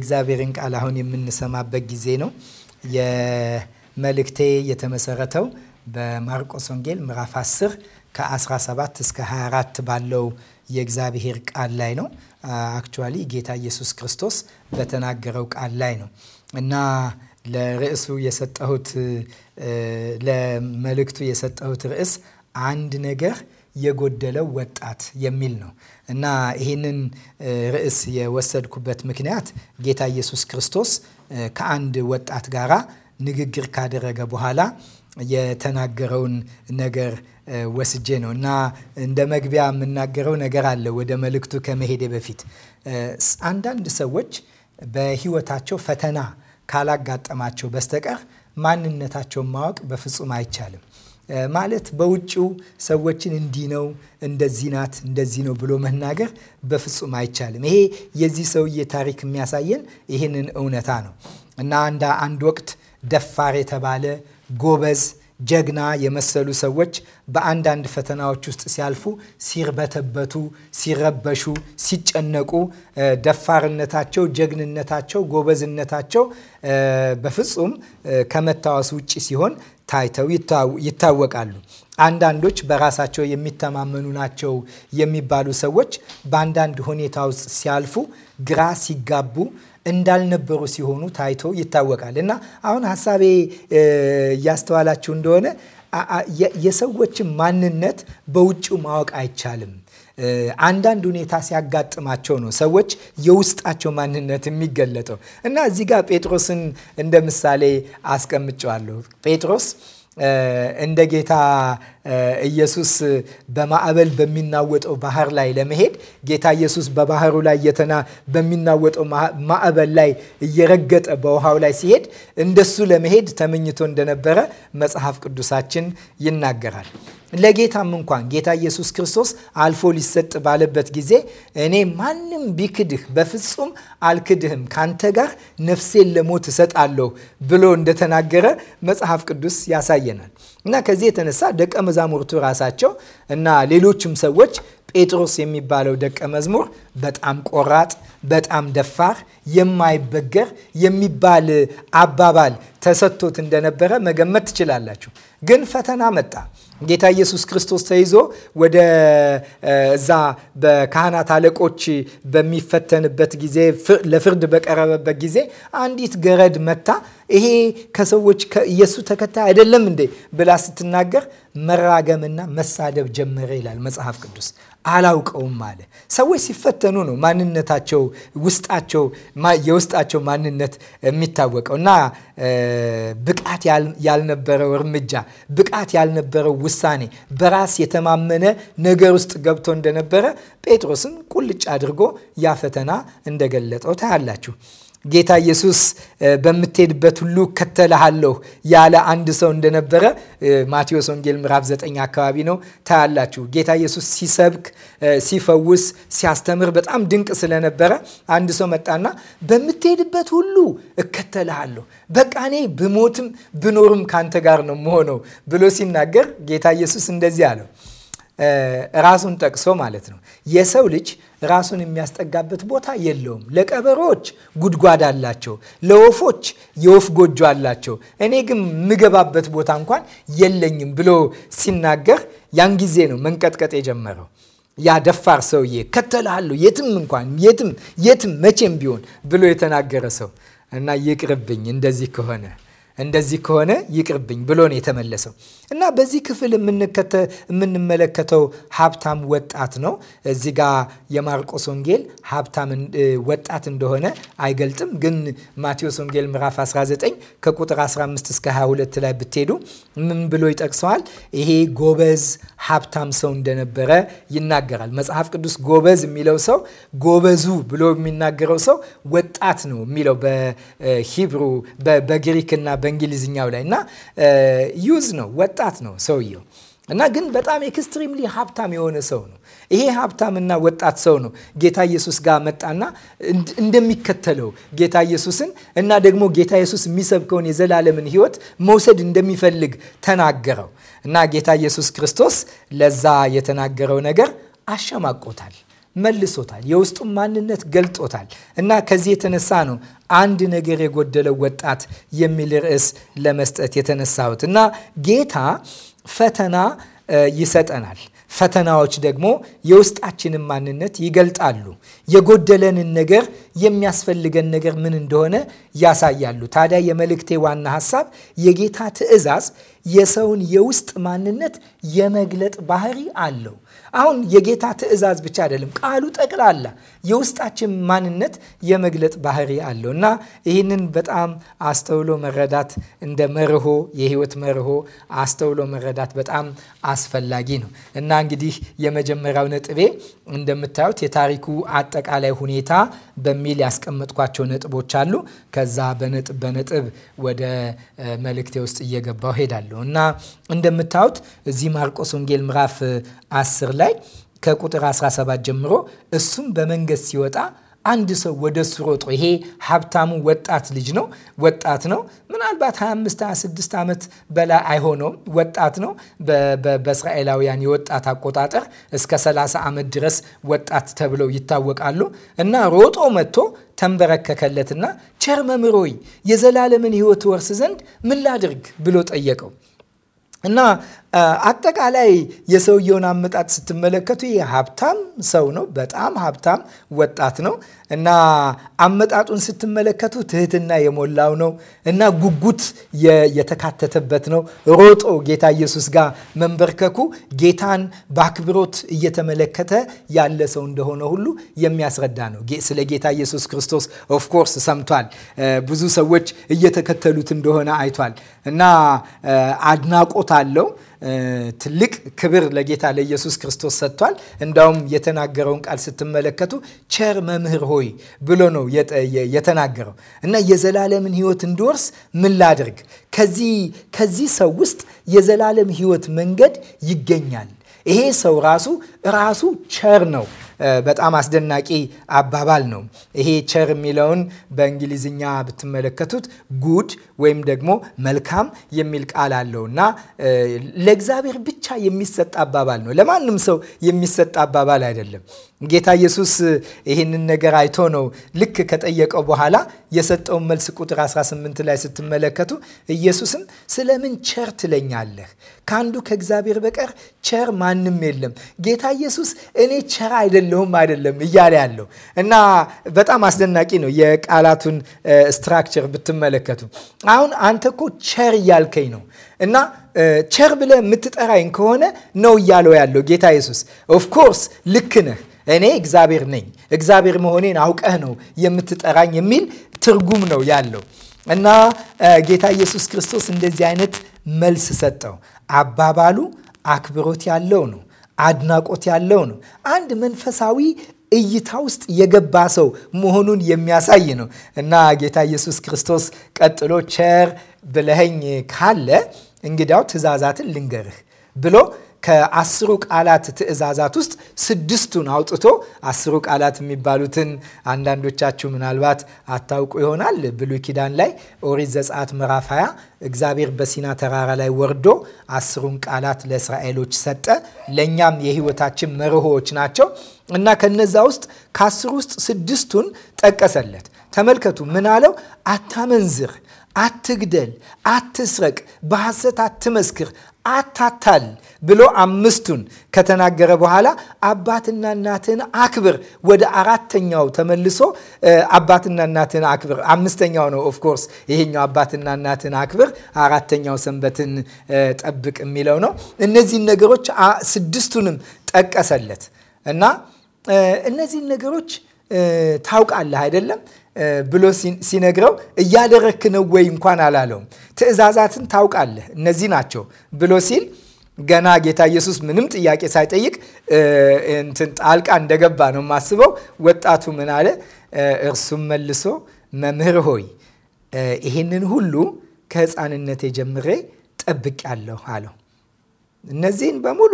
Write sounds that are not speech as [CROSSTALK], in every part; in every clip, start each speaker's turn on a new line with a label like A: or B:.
A: እግዚአብሔርን ቃል አሁን የምንሰማበት ጊዜ ነው። የመልእክቴ የተመሰረተው በማርቆስ ወንጌል ምዕራፍ 10 ከ17 እስከ 24 ባለው የእግዚአብሔር ቃል ላይ ነው። አክቹዋሊ ጌታ ኢየሱስ ክርስቶስ በተናገረው ቃል ላይ ነው እና ለርዕሱ የሰጠሁት ለመልእክቱ የሰጠሁት ርዕስ አንድ ነገር የጎደለው ወጣት የሚል ነው እና ይህንን ርዕስ የወሰድኩበት ምክንያት ጌታ ኢየሱስ ክርስቶስ ከአንድ ወጣት ጋራ ንግግር ካደረገ በኋላ የተናገረውን ነገር ወስጄ ነው እና እንደ መግቢያ የምናገረው ነገር አለ። ወደ መልእክቱ ከመሄዴ በፊት አንዳንድ ሰዎች በሕይወታቸው ፈተና ካላጋጠማቸው በስተቀር ማንነታቸውን ማወቅ በፍጹም አይቻልም። ማለት በውጭው ሰዎችን እንዲህ ነው፣ እንደዚህ ናት፣ እንደዚህ ነው ብሎ መናገር በፍጹም አይቻልም። ይሄ የዚህ ሰውዬ ታሪክ የሚያሳየን ይህንን እውነታ ነው እና አንድ አንድ ወቅት ደፋር የተባለ ጎበዝ ጀግና የመሰሉ ሰዎች በአንዳንድ ፈተናዎች ውስጥ ሲያልፉ ሲርበተበቱ፣ ሲረበሹ፣ ሲጨነቁ ደፋርነታቸው፣ ጀግንነታቸው፣ ጎበዝነታቸው በፍጹም ከመታወስ ውጭ ሲሆን ታይተው ይታወቃሉ። አንዳንዶች በራሳቸው የሚተማመኑ ናቸው የሚባሉ ሰዎች በአንዳንድ ሁኔታ ውስጥ ሲያልፉ ግራ ሲጋቡ እንዳልነበሩ ሲሆኑ ታይቶ ይታወቃል። እና አሁን ሀሳቤ እያስተዋላችሁ እንደሆነ የሰዎችን ማንነት በውጭው ማወቅ አይቻልም። አንዳንድ ሁኔታ ሲያጋጥማቸው ነው ሰዎች የውስጣቸው ማንነት የሚገለጠው እና እዚህ ጋር ጴጥሮስን እንደ ምሳሌ አስቀምጨዋለሁ። ጴጥሮስ እንደ ጌታ ኢየሱስ በማዕበል በሚናወጠው ባህር ላይ ለመሄድ ጌታ ኢየሱስ በባህሩ ላይ የተና በሚናወጠው ማዕበል ላይ እየረገጠ በውሃው ላይ ሲሄድ እንደሱ ለመሄድ ተመኝቶ እንደነበረ መጽሐፍ ቅዱሳችን ይናገራል። ለጌታም እንኳን ጌታ ኢየሱስ ክርስቶስ አልፎ ሊሰጥ ባለበት ጊዜ እኔ ማንም ቢክድህ በፍጹም አልክድህም፣ ካንተ ጋር ነፍሴን ለሞት እሰጣለሁ ብሎ እንደተናገረ መጽሐፍ ቅዱስ ያሳየናል። እና ከዚህ የተነሳ ደቀ መዛሙርቱ ራሳቸው እና ሌሎችም ሰዎች ጴጥሮስ የሚባለው ደቀ መዝሙር በጣም ቆራጥ በጣም ደፋር የማይበገር የሚባል አባባል ተሰጥቶት እንደነበረ መገመት ትችላላችሁ። ግን ፈተና መጣ። ጌታ ኢየሱስ ክርስቶስ ተይዞ ወደ እዛ በካህናት አለቆች በሚፈተንበት ጊዜ ለፍርድ በቀረበበት ጊዜ አንዲት ገረድ መታ ይሄ ከሰዎች የእሱ ተከታይ አይደለም እንዴ ብላ ስትናገር መራገምና መሳደብ ጀመረ ይላል መጽሐፍ ቅዱስ። አላውቀውም አለ። ሰዎች ሲፈተኑ ነው ማንነታቸው ውስጣቸው የውስጣቸው ማንነት የሚታወቀው እና ብቃት ያልነበረው እርምጃ፣ ብቃት ያልነበረው ውሳኔ፣ በራስ የተማመነ ነገር ውስጥ ገብቶ እንደነበረ ጴጥሮስን ቁልጭ አድርጎ ያ ፈተና እንደገለጠው ታያላችሁ። ጌታ ኢየሱስ በምትሄድበት ሁሉ እከተልሃለሁ ያለ አንድ ሰው እንደነበረ ማቴዎስ ወንጌል ምዕራፍ ዘጠኝ አካባቢ ነው ታያላችሁ። ጌታ ኢየሱስ ሲሰብክ፣ ሲፈውስ፣ ሲያስተምር በጣም ድንቅ ስለነበረ አንድ ሰው መጣና በምትሄድበት ሁሉ እከተልሃለሁ፣ በቃ እኔ ብሞትም ብኖርም ካንተ ጋር ነው መሆነው ብሎ ሲናገር ጌታ ኢየሱስ እንደዚህ አለው ራሱን ጠቅሶ ማለት ነው የሰው ልጅ ራሱን የሚያስጠጋበት ቦታ የለውም። ለቀበሮዎች ጉድጓድ አላቸው፣ ለወፎች የወፍ ጎጆ አላቸው፣ እኔ ግን የምገባበት ቦታ እንኳን የለኝም ብሎ ሲናገር ያን ጊዜ ነው መንቀጥቀጥ የጀመረው። ያ ደፋር ሰውዬ ከተልሃለሁ፣ የትም እንኳን የትም የትም መቼም ቢሆን ብሎ የተናገረ ሰው እና ይቅርብኝ፣ እንደዚህ ከሆነ እንደዚህ ከሆነ ይቅርብኝ ብሎ ነው የተመለሰው። እና በዚህ ክፍል የምንመለከተው ሀብታም ወጣት ነው። እዚህ ጋ የማርቆስ ወንጌል ሀብታም ወጣት እንደሆነ አይገልጥም፣ ግን ማቴዎስ ወንጌል ምዕራፍ 19 ከቁጥር 15 እስከ 22 ላይ ብትሄዱ ምን ብሎ ይጠቅሰዋል? ይሄ ጎበዝ ሀብታም ሰው እንደነበረ ይናገራል። መጽሐፍ ቅዱስ ጎበዝ የሚለው ሰው ጎበዙ ብሎ የሚናገረው ሰው ወጣት ነው የሚለው በሂብሩ በግሪክና በእንግሊዝኛው ላይ እና ዩዝ ነው ወጣት ወጣት ነው ሰውየው እና ግን በጣም ኤክስትሪምሊ ሀብታም የሆነ ሰው ነው። ይሄ ሀብታምና ወጣት ሰው ነው ጌታ ኢየሱስ ጋር መጣና እንደሚከተለው ጌታ ኢየሱስን እና ደግሞ ጌታ ኢየሱስ የሚሰብከውን የዘላለምን ሕይወት መውሰድ እንደሚፈልግ ተናገረው እና ጌታ ኢየሱስ ክርስቶስ ለዛ የተናገረው ነገር አሸማቆታል። መልሶታል። የውስጡን ማንነት ገልጦታል እና ከዚህ የተነሳ ነው አንድ ነገር የጎደለው ወጣት የሚል ርዕስ ለመስጠት የተነሳሁት እና ጌታ ፈተና ይሰጠናል። ፈተናዎች ደግሞ የውስጣችንን ማንነት ይገልጣሉ። የጎደለንን ነገር የሚያስፈልገን ነገር ምን እንደሆነ ያሳያሉ። ታዲያ የመልእክቴ ዋና ሀሳብ የጌታ ትዕዛዝ የሰውን የውስጥ ማንነት የመግለጥ ባህሪ አለው። አሁን የጌታ ትእዛዝ ብቻ አይደለም ቃሉ ጠቅላላ የውስጣችን ማንነት የመግለጥ ባህሪ አለው እና ይህንን በጣም አስተውሎ መረዳት እንደ መርሆ የህይወት መርሆ አስተውሎ መረዳት በጣም አስፈላጊ ነው እና እንግዲህ የመጀመሪያው ነጥቤ እንደምታዩት የታሪኩ አጠቃላይ ሁኔታ በሚል ያስቀመጥኳቸው ነጥቦች አሉ። ከዛ በነጥብ በነጥብ ወደ መልእክቴ ውስጥ እየገባው ሄዳለሁ እና እንደምታዩት እዚህ ማርቆስ ወንጌል ምዕራፍ 10 ላይ ከቁጥር 17 ጀምሮ እሱም በመንገድ ሲወጣ አንድ ሰው ወደ እሱ ሮጦ፣ ይሄ ሀብታሙ ወጣት ልጅ ነው። ወጣት ነው፣ ምናልባት 25 26 ዓመት በላይ አይሆነውም። ወጣት ነው። በእስራኤላውያን የወጣት አቆጣጠር እስከ 30 ዓመት ድረስ ወጣት ተብለው ይታወቃሉ። እና ሮጦ መጥቶ ተንበረከከለትና ቸር የዘላለምን ሕይወት ወርስ ዘንድ ምን ላድርግ ብሎ ጠየቀው እና አጠቃላይ የሰውየውን አመጣጥ ስትመለከቱ ይህ ሀብታም ሰው ነው። በጣም ሀብታም ወጣት ነው እና አመጣጡን ስትመለከቱ ትህትና የሞላው ነው እና ጉጉት የተካተተበት ነው። ሮጦ ጌታ ኢየሱስ ጋር መንበርከኩ ጌታን በአክብሮት እየተመለከተ ያለ ሰው እንደሆነ ሁሉ የሚያስረዳ ነው። ስለ ጌታ ኢየሱስ ክርስቶስ ኦፍኮርስ ሰምቷል። ብዙ ሰዎች እየተከተሉት እንደሆነ አይቷል እና አድናቆት አለው ትልቅ ክብር ለጌታ ለኢየሱስ ክርስቶስ ሰጥቷል። እንዳውም የተናገረውን ቃል ስትመለከቱ ቸር መምህር ሆይ ብሎ ነው የተናገረው እና የዘላለምን ሕይወት እንድወርስ ምን ላድርግ? ከዚህ ሰው ውስጥ የዘላለም ሕይወት መንገድ ይገኛል። ይሄ ሰው ራሱ ራሱ ቸር ነው በጣም አስደናቂ አባባል ነው። ይሄ ቸር የሚለውን በእንግሊዝኛ ብትመለከቱት ጉድ ወይም ደግሞ መልካም የሚል ቃል አለው እና ለእግዚአብሔር ብቻ የሚሰጥ አባባል ነው። ለማንም ሰው የሚሰጥ አባባል አይደለም። ጌታ ኢየሱስ ይህንን ነገር አይቶ ነው ልክ ከጠየቀው በኋላ የሰጠውን መልስ ቁጥር 18 ላይ ስትመለከቱ ኢየሱስም ስለምን ቸር ትለኛለህ? ከአንዱ ከእግዚአብሔር በቀር ቸር ማንም የለም። ጌታ ኢየሱስ እኔ ቸር አይደለም የለውም አይደለም እያለ ያለው እና በጣም አስደናቂ ነው። የቃላቱን ስትራክቸር ብትመለከቱ አሁን አንተ እኮ ቸር እያልከኝ ነው እና ቸር ብለህ የምትጠራኝ ከሆነ ነው እያለው ያለው ጌታ ኢየሱስ። ኦፍኮርስ ልክ ነህ እኔ እግዚአብሔር ነኝ፣ እግዚአብሔር መሆኔን አውቀህ ነው የምትጠራኝ የሚል ትርጉም ነው ያለው እና ጌታ ኢየሱስ ክርስቶስ እንደዚህ አይነት መልስ ሰጠው። አባባሉ አክብሮት ያለው ነው። አድናቆት ያለው ነው። አንድ መንፈሳዊ እይታ ውስጥ የገባ ሰው መሆኑን የሚያሳይ ነው እና ጌታ ኢየሱስ ክርስቶስ ቀጥሎ ቸር ብለኸኝ ካለ እንግዲያው ትእዛዛትን ልንገርህ ብሎ ከአስሩ ቃላት ትእዛዛት ውስጥ ስድስቱን አውጥቶ አስሩ ቃላት የሚባሉትን አንዳንዶቻችሁ ምናልባት አታውቁ ይሆናል። ብሉይ ኪዳን ላይ ኦሪት ዘጸአት ምዕራፍ 20 እግዚአብሔር በሲና ተራራ ላይ ወርዶ አስሩን ቃላት ለእስራኤሎች ሰጠ። ለእኛም የህይወታችን መርሆዎች ናቸው እና ከነዛ ውስጥ ከአስሩ ውስጥ ስድስቱን ጠቀሰለት። ተመልከቱ ምን አለው? አታመንዝር አትግደል፣ አትስረቅ፣ በሐሰት አትመስክር፣ አታታል ብሎ አምስቱን ከተናገረ በኋላ አባትና እናትን አክብር ወደ አራተኛው ተመልሶ አባትና እናትን አክብር አምስተኛው ነው። ኦፍኮርስ ይሄኛው አባትና እናትን አክብር አራተኛው ሰንበትን ጠብቅ የሚለው ነው። እነዚህን ነገሮች ስድስቱንም ጠቀሰለት እና እነዚህን ነገሮች ታውቃለህ አይደለም ብሎ ሲነግረው እያደረክ ነው ወይ እንኳን አላለውም። ትእዛዛትን ታውቃለህ እነዚህ ናቸው ብሎ ሲል ገና ጌታ ኢየሱስ ምንም ጥያቄ ሳይጠይቅ እንትን ጣልቃ እንደገባ ነው የማስበው። ወጣቱ ምን አለ? እርሱም መልሶ መምህር ሆይ ይህንን ሁሉ ከህፃንነቴ ጀምሬ ያለሁ አለው። እነዚህን በሙሉ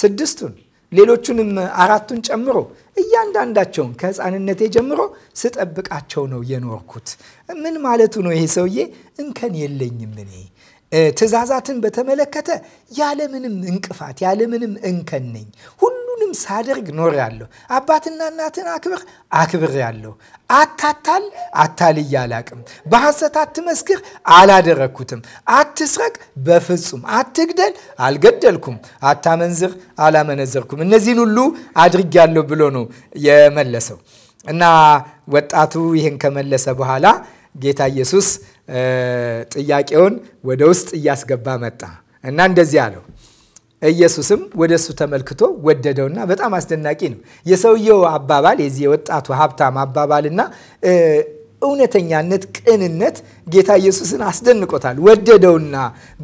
A: ስድስቱን ሌሎቹንም አራቱን ጨምሮ እያንዳንዳቸውን ከህፃንነቴ ጀምሮ ስጠብቃቸው ነው የኖርኩት። ምን ማለቱ ነው ይሄ ሰውዬ? እንከን የለኝም እኔ ትእዛዛትን በተመለከተ ያለምንም እንቅፋት ያለምንም እንከን ነኝ። ሁሉንም ሳደርግ ኖር ያለሁ። አባትና እናትን አክብር አክብር ያለሁ። አታታል አታልዬ አላቅም። በሐሰት አትመስክር አላደረግኩትም። አትስረቅ በፍጹም አትግደል አልገደልኩም። አታመንዝር አላመነዘርኩም። እነዚህን ሁሉ አድርጌያለሁ ብሎ ነው የመለሰው እና ወጣቱ ይህን ከመለሰ በኋላ ጌታ ኢየሱስ ጥያቄውን ወደ ውስጥ እያስገባ መጣ እና እንደዚህ አለው። ኢየሱስም ወደ እሱ ተመልክቶ ወደደውና፣ በጣም አስደናቂ ነው የሰውየው አባባል፣ የዚህ የወጣቱ ሀብታም አባባልና እውነተኛነት፣ ቅንነት ጌታ ኢየሱስን አስደንቆታል። ወደደውና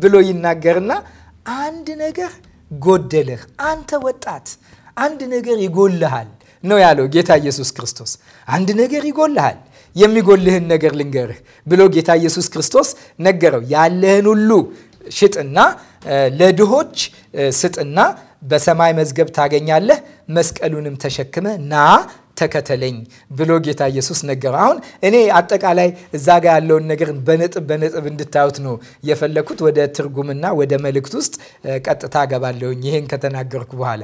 A: ብሎ ይናገርና አንድ ነገር ጎደለህ አንተ ወጣት፣ አንድ ነገር ይጎልሃል ነው ያለው ጌታ ኢየሱስ ክርስቶስ። አንድ ነገር ይጎልሃል የሚጎልህን ነገር ልንገርህ ብሎ ጌታ ኢየሱስ ክርስቶስ ነገረው። ያለህን ሁሉ ሽጥና ለድሆች ስጥና በሰማይ መዝገብ ታገኛለህ፣ መስቀሉንም ተሸክመ ና ተከተለኝ ብሎ ጌታ ኢየሱስ ነገረው። አሁን እኔ አጠቃላይ እዛ ጋር ያለውን ነገር በነጥብ በነጥብ እንድታዩት ነው የፈለኩት። ወደ ትርጉምና ወደ መልእክት ውስጥ ቀጥታ ገባለሁኝ ይሄን ከተናገርኩ በኋላ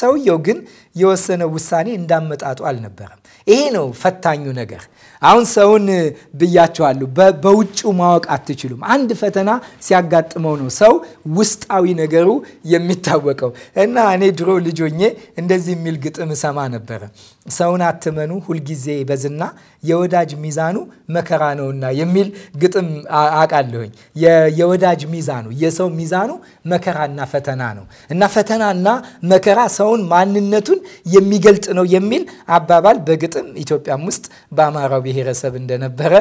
A: ሰውየው ግን የወሰነ ውሳኔ እንዳመጣጡ አልነበረም። ይሄ ነው ፈታኙ ነገር። አሁን ሰውን ብያቸዋለሁ፣ በውጭው ማወቅ አትችሉም። አንድ ፈተና ሲያጋጥመው ነው ሰው ውስጣዊ ነገሩ የሚታወቀው። እና እኔ ድሮ ልጆኜ እንደዚህ የሚል ግጥም ሰማ ነበረ። ሰውን አትመኑ ሁልጊዜ በዝና የወዳጅ ሚዛኑ መከራ ነውና የሚል ግጥም አውቃለሁኝ። የወዳጅ ሚዛኑ የሰው ሚዛኑ መከራና ፈተና ነው እና ፈተናና መከራ ሰውን ማንነቱን የሚገልጥ ነው የሚል አባባል በግጥም ኢትዮጵያም ውስጥ በአማራው ብሔረሰብ እንደነበረ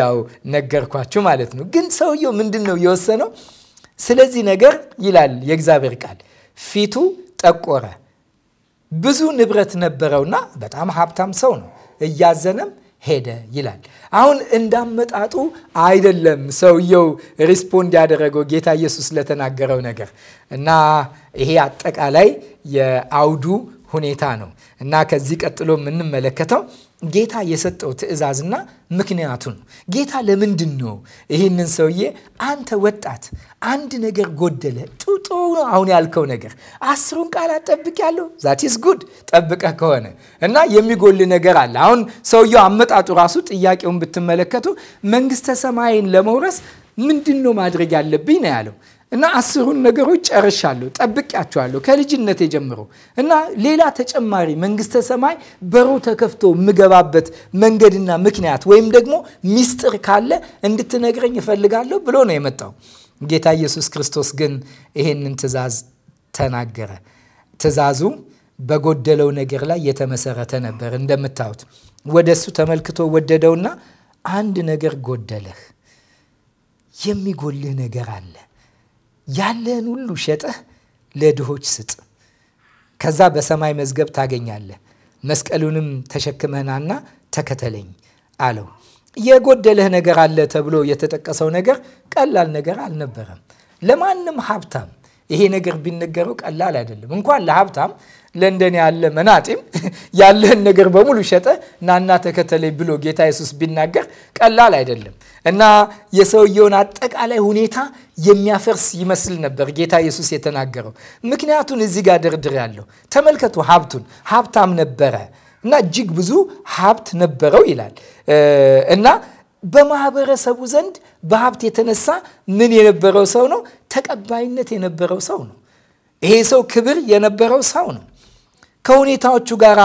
A: ያው ነገርኳችሁ ማለት ነው። ግን ሰውየው ምንድን ነው የወሰነው? ስለዚህ ነገር ይላል የእግዚአብሔር ቃል፣ ፊቱ ጠቆረ። ብዙ ንብረት ነበረውና በጣም ሀብታም ሰው ነው። እያዘነም ሄደ ይላል። አሁን እንዳመጣጡ አይደለም ሰውየው ሪስፖንድ ያደረገው ጌታ ኢየሱስ ለተናገረው ነገር እና ይሄ አጠቃላይ የአውዱ ሁኔታ ነው እና ከዚህ ቀጥሎ የምንመለከተው ጌታ የሰጠው ትእዛዝና ምክንያቱ ነው። ጌታ ለምንድን ነው ይህንን ሰውዬ አንተ ወጣት አንድ ነገር ጎደለ ጥጡ ነው አሁን ያልከው ነገር አስሩን ቃላት ጠብቅ ያለው ዛቲስ ጉድ ጠብቀ ከሆነ እና የሚጎል ነገር አለ። አሁን ሰውየው አመጣጡ ራሱ ጥያቄውን ብትመለከቱ መንግስተ ሰማይን ለመውረስ ምንድን ነው ማድረግ ያለብኝ ነው ያለው። እና አስሩን ነገሮች ጨርሻለሁ፣ ጠብቄያቸዋለሁ ከልጅነት ጀምሮ እና ሌላ ተጨማሪ መንግስተ ሰማይ በሩ ተከፍቶ የምገባበት መንገድና ምክንያት ወይም ደግሞ ሚስጥር ካለ እንድትነግረኝ እፈልጋለሁ ብሎ ነው የመጣው። ጌታ ኢየሱስ ክርስቶስ ግን ይሄንን ትእዛዝ ተናገረ። ትእዛዙ በጎደለው ነገር ላይ የተመሰረተ ነበር። እንደምታዩት ወደ እሱ ተመልክቶ ወደደውና አንድ ነገር ጎደለህ፣ የሚጎልህ ነገር አለ ያለህን ሁሉ ሸጠህ ለድሆች ስጥ፣ ከዛ በሰማይ መዝገብ ታገኛለህ፣ መስቀሉንም ተሸክመህናና ተከተለኝ አለው። የጎደለህ ነገር አለ ተብሎ የተጠቀሰው ነገር ቀላል ነገር አልነበረም። ለማንም ሀብታም ይሄ ነገር ቢነገረው ቀላል አይደለም። እንኳን ለሀብታም ለእንደኔ ያለ መናጢም [LAUGHS] ያለህን ነገር በሙሉ ሸጠ ናና ተከተለኝ ብሎ ጌታ የሱስ ቢናገር ቀላል አይደለም። እና የሰውየውን አጠቃላይ ሁኔታ የሚያፈርስ ይመስል ነበር ጌታ ኢየሱስ የተናገረው። ምክንያቱን እዚህ ጋር ድርድር ያለው ተመልከቱ። ሀብቱን ሀብታም ነበረ እና እጅግ ብዙ ሀብት ነበረው ይላል እና በማህበረሰቡ ዘንድ በሀብት የተነሳ ምን የነበረው ሰው ነው? ተቀባይነት የነበረው ሰው ነው። ይሄ ሰው ክብር የነበረው ሰው ነው። ከሁኔታዎቹ ጋር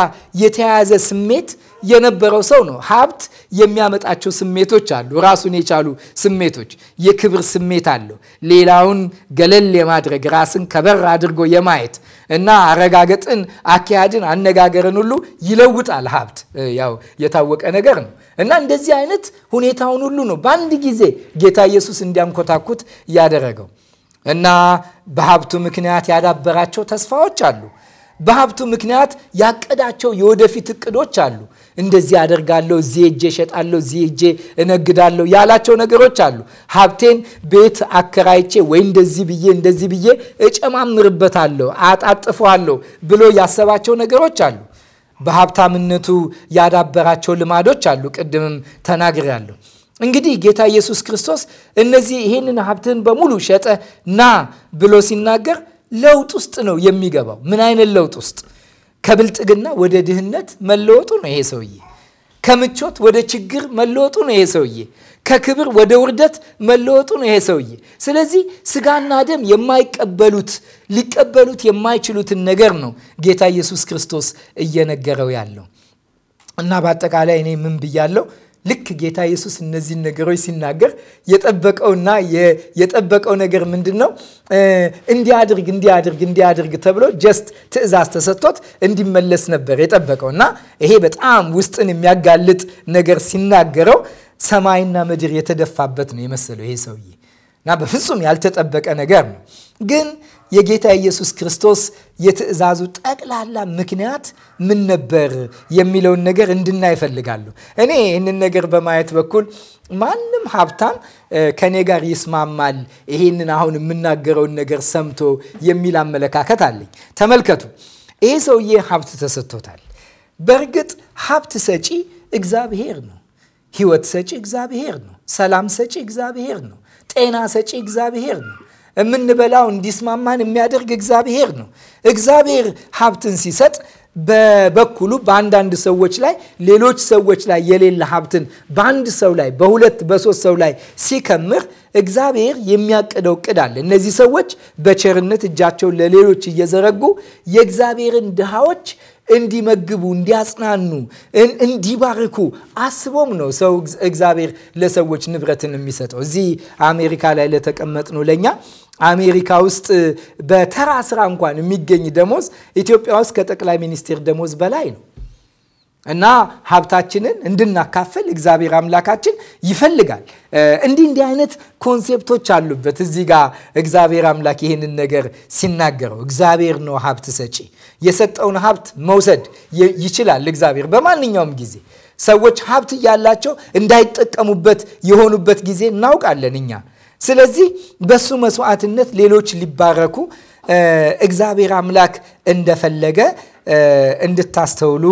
A: የተያያዘ ስሜት የነበረው ሰው ነው። ሀብት የሚያመጣቸው ስሜቶች አሉ። ራሱን የቻሉ ስሜቶች፣ የክብር ስሜት አለው። ሌላውን ገለል የማድረግ ራስን ከበር አድርጎ የማየት እና አረጋገጥን፣ አካሄድን፣ አነጋገርን ሁሉ ይለውጣል። ሀብት ያው የታወቀ ነገር ነው እና እንደዚህ አይነት ሁኔታውን ሁሉ ነው በአንድ ጊዜ ጌታ ኢየሱስ እንዲያንኮታኩት ያደረገው እና በሀብቱ ምክንያት ያዳበራቸው ተስፋዎች አሉ። በሀብቱ ምክንያት ያቀዳቸው የወደፊት እቅዶች አሉ። እንደዚህ አደርጋለሁ፣ እዚህ እጄ እሸጣለሁ፣ እዚህ እጄ እነግዳለሁ ያላቸው ነገሮች አሉ። ሀብቴን ቤት አከራይቼ ወይ እንደዚህ ብዬ እንደዚህ ብዬ እጨማምርበታለሁ፣ አጣጥፈዋለሁ ብሎ ያሰባቸው ነገሮች አሉ። በሀብታምነቱ ያዳበራቸው ልማዶች አሉ። ቅድምም ተናግሬያለሁ። እንግዲህ ጌታ ኢየሱስ ክርስቶስ እነዚህ ይህንን ሀብትህን በሙሉ ሸጠ ና ብሎ ሲናገር ለውጥ ውስጥ ነው የሚገባው። ምን አይነት ለውጥ ውስጥ ከብልጥግና ወደ ድህነት መለወጡ ነው ይሄ ሰውዬ። ከምቾት ወደ ችግር መለወጡ ነው ይሄ ሰውዬ። ከክብር ወደ ውርደት መለወጡ ነው ይሄ ሰውዬ። ስለዚህ ስጋና ደም የማይቀበሉት ሊቀበሉት የማይችሉትን ነገር ነው ጌታ ኢየሱስ ክርስቶስ እየነገረው ያለው እና በአጠቃላይ እኔ ምን ብያለው? ልክ ጌታ ኢየሱስ እነዚህን ነገሮች ሲናገር የጠበቀውና የጠበቀው ነገር ምንድን ነው? እንዲያድርግ እንዲያድርግ እንዲያድርግ ተብሎ ጀስት ትእዛዝ ተሰጥቶት እንዲመለስ ነበር የጠበቀው እና ይሄ በጣም ውስጥን የሚያጋልጥ ነገር ሲናገረው ሰማይና ምድር የተደፋበት ነው የመሰለው ይሄ ሰውዬ እና በፍጹም ያልተጠበቀ ነገር ነው ግን የጌታ ኢየሱስ ክርስቶስ የትእዛዙ ጠቅላላ ምክንያት ምን ነበር የሚለውን ነገር እንድናይ ይፈልጋሉ። እኔ ይህንን ነገር በማየት በኩል ማንም ሀብታም ከእኔ ጋር ይስማማል፣ ይሄንን አሁን የምናገረውን ነገር ሰምቶ የሚል አመለካከት አለኝ። ተመልከቱ፣ ይህ ሰውዬ ሀብት ተሰጥቶታል። በእርግጥ ሀብት ሰጪ እግዚአብሔር ነው። ህይወት ሰጪ እግዚአብሔር ነው። ሰላም ሰጪ እግዚአብሔር ነው። ጤና ሰጪ እግዚአብሔር ነው። የምንበላው እንዲስማማን የሚያደርግ እግዚአብሔር ነው። እግዚአብሔር ሀብትን ሲሰጥ በበኩሉ በአንዳንድ ሰዎች ላይ ሌሎች ሰዎች ላይ የሌለ ሀብትን በአንድ ሰው ላይ በሁለት በሶስት ሰው ላይ ሲከምር እግዚአብሔር የሚያቅደው እቅድ አለ። እነዚህ ሰዎች በቸርነት እጃቸውን ለሌሎች እየዘረጉ የእግዚአብሔርን ድሃዎች እንዲመግቡ፣ እንዲያጽናኑ፣ እንዲባርኩ አስቦም ነው ሰው እግዚአብሔር ለሰዎች ንብረትን የሚሰጠው። እዚህ አሜሪካ ላይ ነው ለእኛ አሜሪካ ውስጥ በተራ ስራ እንኳን የሚገኝ ደሞዝ ኢትዮጵያ ውስጥ ከጠቅላይ ሚኒስቴር ደሞዝ በላይ ነው። እና ሀብታችንን እንድናካፍል እግዚአብሔር አምላካችን ይፈልጋል። እንዲህ እንዲህ አይነት ኮንሴፕቶች አሉበት። እዚህ ጋር እግዚአብሔር አምላክ ይህንን ነገር ሲናገረው እግዚአብሔር ነው ሀብት ሰጪ። የሰጠውን ሀብት መውሰድ ይችላል እግዚአብሔር በማንኛውም ጊዜ። ሰዎች ሀብት እያላቸው እንዳይጠቀሙበት የሆኑበት ጊዜ እናውቃለን እኛ። ስለዚህ በሱ መስዋዕትነት ሌሎች ሊባረኩ እግዚአብሔር አምላክ እንደፈለገ እንድታስተውሉ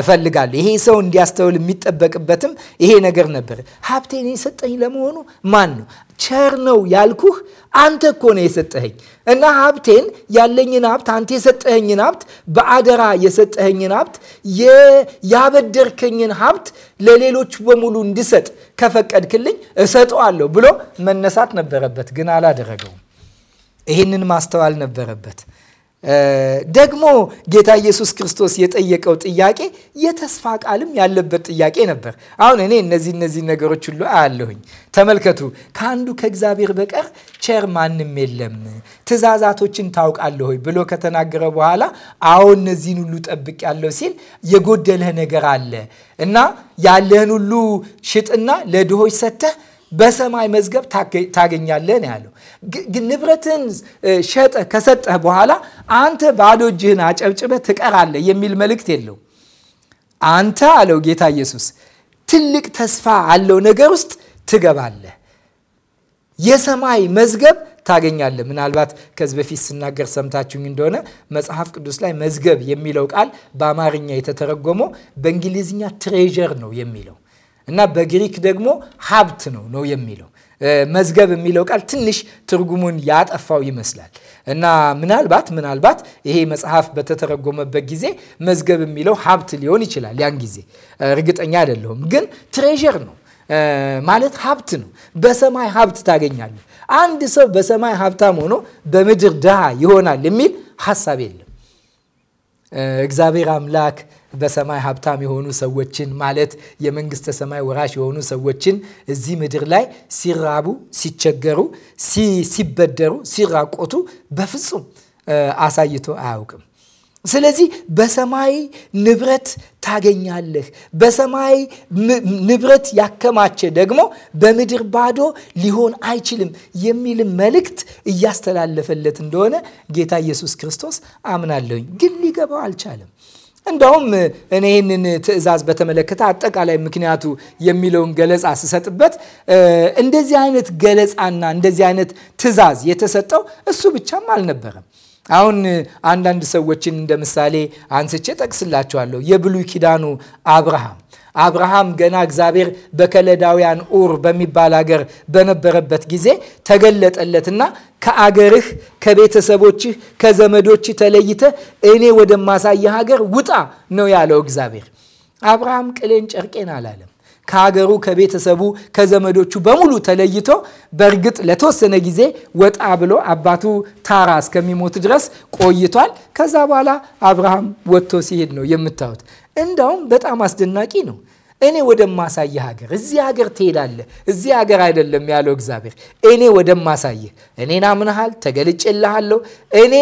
A: እፈልጋለሁ። ይሄ ሰው እንዲያስተውል የሚጠበቅበትም ይሄ ነገር ነበር። ሀብቴን የሰጠኝ ለመሆኑ ማን ነው? ቸር ነው ያልኩህ አንተ እኮ ነው የሰጠኸኝ እና ሀብቴን ያለኝን ሀብት አንተ የሰጠኸኝን ሀብት በአደራ የሰጠኸኝን ሀብት ያበደርከኝን ሀብት ለሌሎች በሙሉ እንድሰጥ ከፈቀድክልኝ እሰጠዋለሁ ብሎ መነሳት ነበረበት፣ ግን አላደረገውም። ይህንን ማስተዋል ነበረበት። ደግሞ ጌታ ኢየሱስ ክርስቶስ የጠየቀው ጥያቄ የተስፋ ቃልም ያለበት ጥያቄ ነበር። አሁን እኔ እነዚህ እነዚህ ነገሮች ሁሉ አያለሁኝ። ተመልከቱ፣ ከአንዱ ከእግዚአብሔር በቀር ቸር ማንም የለም፣ ትእዛዛቶችን ታውቃለህ ሆይ ብሎ ከተናገረ በኋላ አዎ እነዚህን ሁሉ ጠብቅ ያለው ሲል የጎደለህ ነገር አለ እና ያለህን ሁሉ ሽጥና ለድሆች ሰጥተህ በሰማይ መዝገብ ታገኛለህ ነው ያለው። ንብረትን ሸጠ ከሰጠህ በኋላ አንተ ባዶ እጅህን አጨብጭበ ትቀራለህ የሚል መልእክት የለው። አንተ አለው ጌታ ኢየሱስ ትልቅ ተስፋ አለው ነገር ውስጥ ትገባለህ። የሰማይ መዝገብ ታገኛለህ። ምናልባት ከዚህ በፊት ስናገር ሰምታችሁኝ እንደሆነ መጽሐፍ ቅዱስ ላይ መዝገብ የሚለው ቃል በአማርኛ የተተረጎመው በእንግሊዝኛ ትሬዠር ነው የሚለው እና በግሪክ ደግሞ ሀብት ነው ነው የሚለው መዝገብ የሚለው ቃል ትንሽ ትርጉሙን ያጠፋው ይመስላል እና ምናልባት ምናልባት ይሄ መጽሐፍ በተተረጎመበት ጊዜ መዝገብ የሚለው ሀብት ሊሆን ይችላል። ያን ጊዜ እርግጠኛ አይደለሁም፣ ግን ትሬዠር ነው ማለት ሀብት ነው። በሰማይ ሀብት ታገኛለህ። አንድ ሰው በሰማይ ሀብታም ሆኖ በምድር ድሃ ይሆናል የሚል ሀሳብ የለም። እግዚአብሔር አምላክ በሰማይ ሀብታም የሆኑ ሰዎችን ማለት የመንግስተ ሰማይ ወራሽ የሆኑ ሰዎችን እዚህ ምድር ላይ ሲራቡ፣ ሲቸገሩ፣ ሲበደሩ፣ ሲራቆቱ በፍጹም አሳይቶ አያውቅም። ስለዚህ በሰማይ ንብረት ታገኛለህ። በሰማይ ንብረት ያከማቸ ደግሞ በምድር ባዶ ሊሆን አይችልም የሚልም መልእክት እያስተላለፈለት እንደሆነ ጌታ ኢየሱስ ክርስቶስ አምናለሁኝ። ግን ሊገባው አልቻለም። እንደውም እኔ ይህንን ትዕዛዝ በተመለከተ አጠቃላይ ምክንያቱ የሚለውን ገለጻ ስሰጥበት እንደዚህ አይነት ገለጻና እንደዚህ አይነት ትዕዛዝ የተሰጠው እሱ ብቻም አልነበረም። አሁን አንዳንድ ሰዎችን እንደ ምሳሌ አንስቼ ጠቅስላቸዋለሁ። የብሉይ ኪዳኑ አብርሃም አብርሃም ገና እግዚአብሔር በከለዳውያን ኡር በሚባል አገር በነበረበት ጊዜ ተገለጠለትና ከአገርህ፣ ከቤተሰቦችህ፣ ከዘመዶች ተለይተ እኔ ወደማሳየ ሀገር ውጣ ነው ያለው እግዚአብሔር። አብርሃም ቅሌን ጨርቄን አላለም። ከሀገሩ ከቤተሰቡ ከዘመዶቹ በሙሉ ተለይቶ በእርግጥ ለተወሰነ ጊዜ ወጣ ብሎ አባቱ ታራ እስከሚሞት ድረስ ቆይቷል። ከዛ በኋላ አብርሃም ወጥቶ ሲሄድ ነው የምታዩት። እንዳውም በጣም አስደናቂ ነው። እኔ ወደማሳይህ ሀገር እዚህ ሀገር ትሄዳለህ። እዚህ ሀገር አይደለም ያለው እግዚአብሔር። እኔ ወደማሳይህ እኔን አምነሃል፣ ተገልጭልሃለሁ፣ እኔ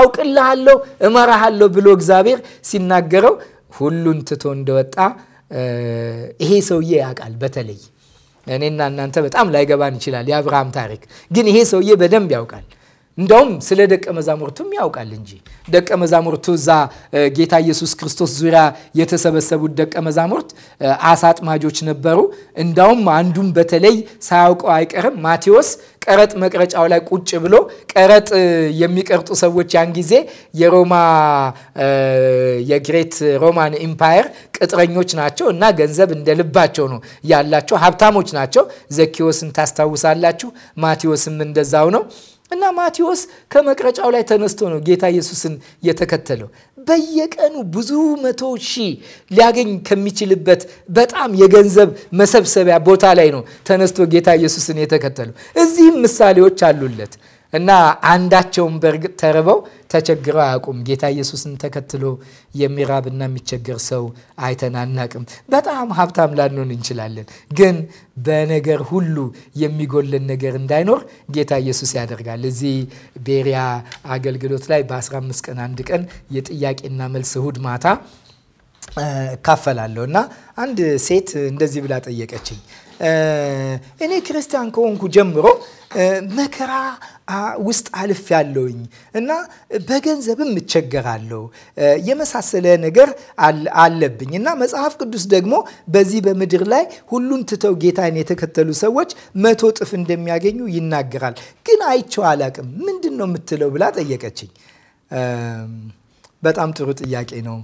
A: አውቅልሃለሁ፣ እመራሃለሁ ብሎ እግዚአብሔር ሲናገረው ሁሉን ትቶ እንደወጣ ይሄ ሰውዬ ያውቃል። በተለይ እኔና እናንተ በጣም ላይገባን ይችላል የአብርሃም ታሪክ፣ ግን ይሄ ሰውዬ በደንብ ያውቃል። እንደውም ስለ ደቀ መዛሙርቱም ያውቃል እንጂ ደቀ መዛሙርቱ እዛ ጌታ ኢየሱስ ክርስቶስ ዙሪያ የተሰበሰቡት ደቀ መዛሙርት አሳ አጥማጆች ነበሩ። እንዳውም አንዱም በተለይ ሳያውቀው አይቀርም ማቴዎስ ቀረጥ መቅረጫው ላይ ቁጭ ብሎ ቀረጥ የሚቀርጡ ሰዎች ያን ጊዜ የሮማ የግሬት ሮማን ኢምፓየር ቅጥረኞች ናቸው እና ገንዘብ እንደ ልባቸው ነው ያላቸው፣ ሀብታሞች ናቸው። ዘኪዎስን ታስታውሳላችሁ። ማቴዎስም እንደዛው ነው። እና ማቴዎስ ከመቅረጫው ላይ ተነስቶ ነው ጌታ ኢየሱስን የተከተለው። በየቀኑ ብዙ መቶ ሺህ ሊያገኝ ከሚችልበት በጣም የገንዘብ መሰብሰቢያ ቦታ ላይ ነው ተነስቶ ጌታ ኢየሱስን የተከተለው። እዚህም ምሳሌዎች አሉለት። እና አንዳቸውም በእርግጥ ተርበው ተቸግረው አያውቁም። ጌታ ኢየሱስን ተከትሎ የሚራብና የሚቸገር ሰው አይተን አናቅም። በጣም ሀብታም ላንሆን እንችላለን፣ ግን በነገር ሁሉ የሚጎለን ነገር እንዳይኖር ጌታ ኢየሱስ ያደርጋል። እዚህ ቤሪያ አገልግሎት ላይ በ15 ቀን አንድ ቀን የጥያቄና መልስ እሁድ ማታ እካፈላለሁ እና አንድ ሴት እንደዚህ ብላ ጠየቀችኝ እኔ ክርስቲያን ከሆንኩ ጀምሮ መከራ ውስጥ አልፍ ያለውኝ እና በገንዘብም እቸገራለሁ የመሳሰለ ነገር አለብኝ እና መጽሐፍ ቅዱስ ደግሞ በዚህ በምድር ላይ ሁሉን ትተው ጌታን የተከተሉ ሰዎች መቶ ጥፍ እንደሚያገኙ ይናገራል። ግን አይቼው አላቅም ምንድን ነው የምትለው ብላ ጠየቀችኝ። በጣም ጥሩ ጥያቄ ነው።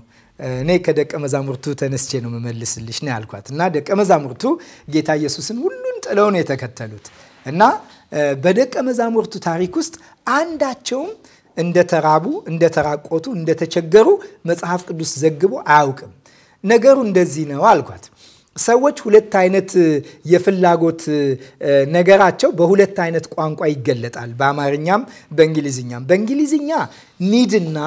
A: እኔ ከደቀ መዛሙርቱ ተነስቼ ነው መመልስልሽ ነው ያልኳት እና ደቀ መዛሙርቱ ጌታ ኢየሱስን ሁሉን ጥለው ነው የተከተሉት እና በደቀ መዛሙርቱ ታሪክ ውስጥ አንዳቸውም እንደተራቡ፣ እንደተራቆቱ፣ እንደተቸገሩ መጽሐፍ ቅዱስ ዘግቦ አያውቅም። ነገሩ እንደዚህ ነው አልኳት። ሰዎች ሁለት አይነት የፍላጎት ነገራቸው በሁለት አይነት ቋንቋ ይገለጣል፣ በአማርኛም በእንግሊዝኛም። በእንግሊዝኛ ኒድ እና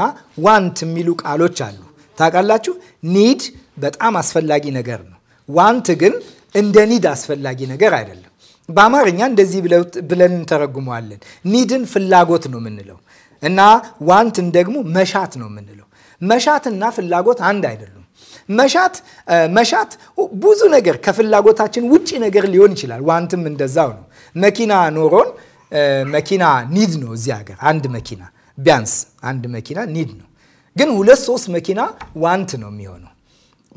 A: ዋንት የሚሉ ቃሎች አሉ። ታውቃላችሁ፣ ኒድ በጣም አስፈላጊ ነገር ነው። ዋንት ግን እንደ ኒድ አስፈላጊ ነገር አይደለም። በአማርኛ እንደዚህ ብለን እንተረጉመዋለን። ኒድን ፍላጎት ነው የምንለው እና ዋንትን ደግሞ መሻት ነው የምንለው። መሻትና ፍላጎት አንድ አይደሉም። መሻት መሻት ብዙ ነገር ከፍላጎታችን ውጭ ነገር ሊሆን ይችላል። ዋንትም እንደዛው ነው። መኪና ኖሮን መኪና ኒድ ነው። እዚህ ሀገር አንድ መኪና ቢያንስ አንድ መኪና ኒድ ነው። ግን ሁለት ሶስት መኪና ዋንት ነው የሚሆነው።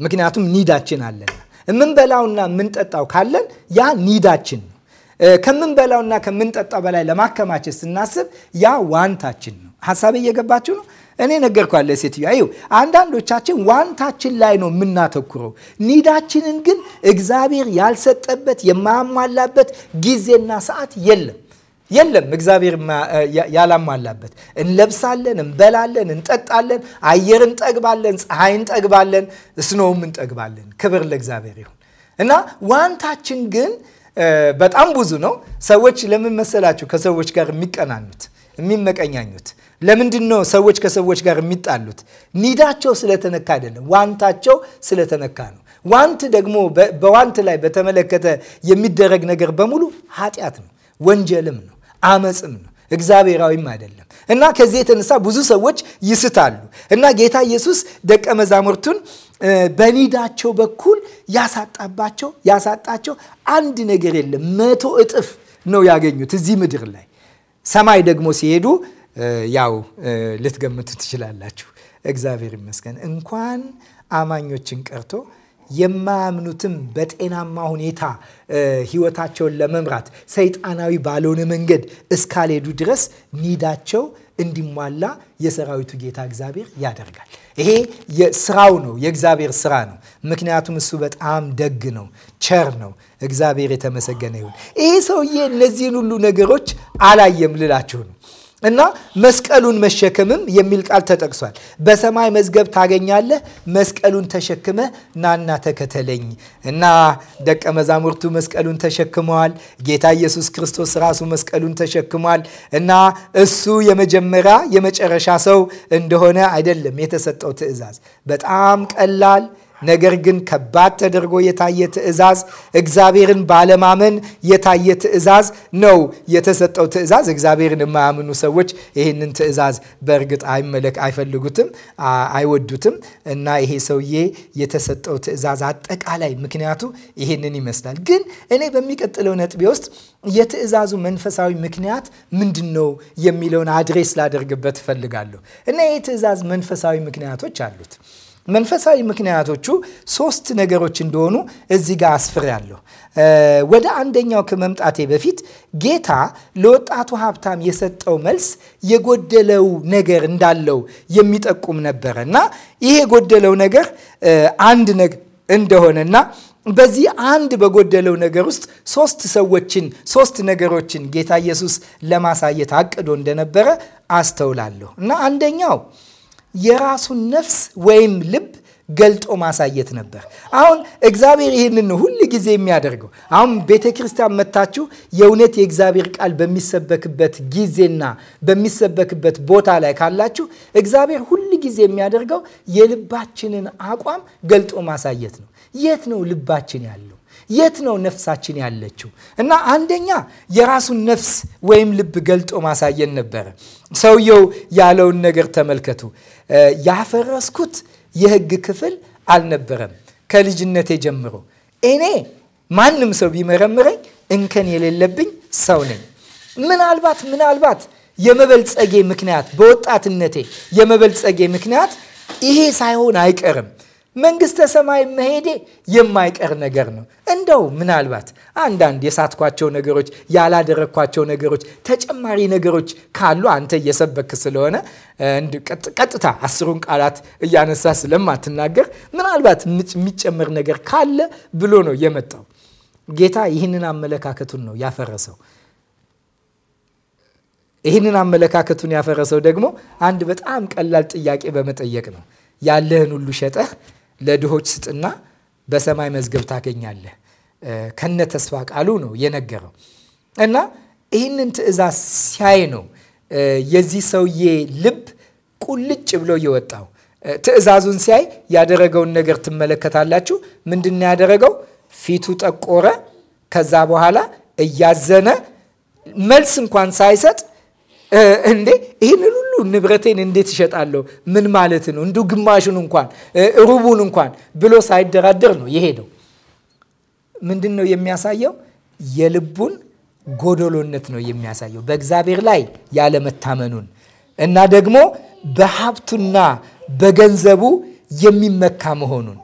A: ምክንያቱም ኒዳችን አለና የምንበላውና የምንጠጣው ካለን ያ ኒዳችን ነው። ከምንበላውና ከምንጠጣው በላይ ለማከማቸት ስናስብ ያ ዋንታችን ነው። ሀሳብ እየገባችሁ ነው? እኔ ነገርኳለ ሴትዮ ይኸው አንዳንዶቻችን ዋንታችን ላይ ነው የምናተኩረው። ኒዳችንን ግን እግዚአብሔር ያልሰጠበት የማያሟላበት ጊዜና ሰዓት የለም የለም እግዚአብሔር ያላሟላበት። እንለብሳለን፣ እንበላለን፣ እንጠጣለን፣ አየር እንጠግባለን፣ ፀሐይ እንጠግባለን፣ ስኖውም እንጠግባለን። ክብር ለእግዚአብሔር ይሁን እና ዋንታችን ግን በጣም ብዙ ነው። ሰዎች ለምን መሰላችሁ ከሰዎች ጋር የሚቀናኑት የሚመቀኛኙት? ለምንድን ነው ሰዎች ከሰዎች ጋር የሚጣሉት? ኒዳቸው ስለተነካ አይደለም፣ ዋንታቸው ስለተነካ ነው። ዋንት ደግሞ በዋንት ላይ በተመለከተ የሚደረግ ነገር በሙሉ ኃጢአት ነው፣ ወንጀልም ነው፣ አመፅም ነው፣ እግዚአብሔራዊም አይደለም እና ከዚህ የተነሳ ብዙ ሰዎች ይስታሉ እና ጌታ ኢየሱስ ደቀ መዛሙርቱን በኒዳቸው በኩል ያሳጣባቸው ያሳጣቸው አንድ ነገር የለም። መቶ እጥፍ ነው ያገኙት እዚህ ምድር ላይ። ሰማይ ደግሞ ሲሄዱ ያው ልትገምቱ ትችላላችሁ። እግዚአብሔር ይመስገን እንኳን አማኞችን ቀርቶ የማያምኑትም በጤናማ ሁኔታ ህይወታቸውን ለመምራት ሰይጣናዊ ባልሆነ መንገድ እስካልሄዱ ድረስ ኒዳቸው እንዲሟላ የሰራዊቱ ጌታ እግዚአብሔር ያደርጋል። ይሄ ስራው ነው፣ የእግዚአብሔር ስራ ነው። ምክንያቱም እሱ በጣም ደግ ነው፣ ቸር ነው። እግዚአብሔር የተመሰገነ ይሁን። ይሄ ሰውዬ እነዚህን ሁሉ ነገሮች አላየም ልላችሁ ነው። እና መስቀሉን መሸከምም የሚል ቃል ተጠቅሷል። በሰማይ መዝገብ ታገኛለህ፣ መስቀሉን ተሸክመ ናና ተከተለኝ። እና ደቀ መዛሙርቱ መስቀሉን ተሸክመዋል። ጌታ ኢየሱስ ክርስቶስ ራሱ መስቀሉን ተሸክሟል። እና እሱ የመጀመሪያ የመጨረሻ ሰው እንደሆነ አይደለም የተሰጠው ትዕዛዝ። በጣም ቀላል ነገር ግን ከባድ ተደርጎ የታየ ትእዛዝ፣ እግዚአብሔርን ባለማመን የታየ ትእዛዝ ነው የተሰጠው ትእዛዝ። እግዚአብሔርን የማያምኑ ሰዎች ይህንን ትእዛዝ በእርግጥ አይመለክ አይፈልጉትም፣ አይወዱትም እና ይሄ ሰውዬ የተሰጠው ትእዛዝ አጠቃላይ ምክንያቱ ይህንን ይመስላል። ግን እኔ በሚቀጥለው ነጥቤ ውስጥ የትእዛዙ መንፈሳዊ ምክንያት ምንድን ነው የሚለውን አድሬስ ላደርግበት እፈልጋለሁ እና ይህ ትእዛዝ መንፈሳዊ ምክንያቶች አሉት። መንፈሳዊ ምክንያቶቹ ሶስት ነገሮች እንደሆኑ እዚህ ጋር አስፍሬያለሁ። ወደ አንደኛው ከመምጣቴ በፊት ጌታ ለወጣቱ ሀብታም የሰጠው መልስ የጎደለው ነገር እንዳለው የሚጠቁም ነበረ እና ይሄ የጎደለው ነገር አንድ ነገር እንደሆነና በዚህ አንድ በጎደለው ነገር ውስጥ ሶስት ሰዎችን ሶስት ነገሮችን ጌታ ኢየሱስ ለማሳየት አቅዶ እንደነበረ አስተውላለሁ እና አንደኛው የራሱን ነፍስ ወይም ልብ ገልጦ ማሳየት ነበር። አሁን እግዚአብሔር ይህንን ነው ሁል ጊዜ የሚያደርገው። አሁን ቤተ ክርስቲያን መታችሁ የእውነት የእግዚአብሔር ቃል በሚሰበክበት ጊዜና በሚሰበክበት ቦታ ላይ ካላችሁ እግዚአብሔር ሁል ጊዜ የሚያደርገው የልባችንን አቋም ገልጦ ማሳየት ነው። የት ነው ልባችን ያለው? የት ነው ነፍሳችን ያለችው? እና አንደኛ የራሱን ነፍስ ወይም ልብ ገልጦ ማሳየን ነበረ። ሰውየው ያለውን ነገር ተመልከቱ። ያፈረስኩት የህግ ክፍል አልነበረም ከልጅነቴ ጀምሮ እኔ ማንም ሰው ቢመረምረኝ እንከን የሌለብኝ ሰው ነኝ። ምናልባት ምናልባት የመበልጸጌ ምክንያት በወጣትነቴ የመበልጸጌ ምክንያት ይሄ ሳይሆን አይቀርም መንግስተ ሰማይ መሄዴ የማይቀር ነገር ነው። እንደው ምናልባት አንዳንድ የሳትኳቸው ነገሮች፣ ያላደረግኳቸው ነገሮች፣ ተጨማሪ ነገሮች ካሉ አንተ እየሰበክ ስለሆነ ቀጥታ አስሩን ቃላት እያነሳ ስለማትናገር ምናልባት የሚጨመር ነገር ካለ ብሎ ነው የመጣው። ጌታ ይህንን አመለካከቱን ነው ያፈረሰው። ይህንን አመለካከቱን ያፈረሰው ደግሞ አንድ በጣም ቀላል ጥያቄ በመጠየቅ ነው ያለህን ሁሉ ሸጠህ ለድሆች ስጥና በሰማይ መዝገብ ታገኛለህ ከነ ተስፋ ቃሉ ነው የነገረው እና ይህንን ትእዛዝ ሲያይ ነው የዚህ ሰውዬ ልብ ቁልጭ ብሎ የወጣው። ትእዛዙን ሲያይ ያደረገውን ነገር ትመለከታላችሁ። ምንድን ያደረገው? ፊቱ ጠቆረ። ከዛ በኋላ እያዘነ መልስ እንኳን ሳይሰጥ እንዴ ይህንን ሁሉ ንብረቴን እንዴት እሸጣለሁ? ምን ማለት ነው? እንዲሁ ግማሹን እንኳን ሩቡን እንኳን ብሎ ሳይደራደር ነው የሄደው። ምንድን ነው የሚያሳየው? የልቡን ጎደሎነት ነው የሚያሳየው፣ በእግዚአብሔር ላይ ያለመታመኑን እና ደግሞ በሀብቱና በገንዘቡ የሚመካ መሆኑን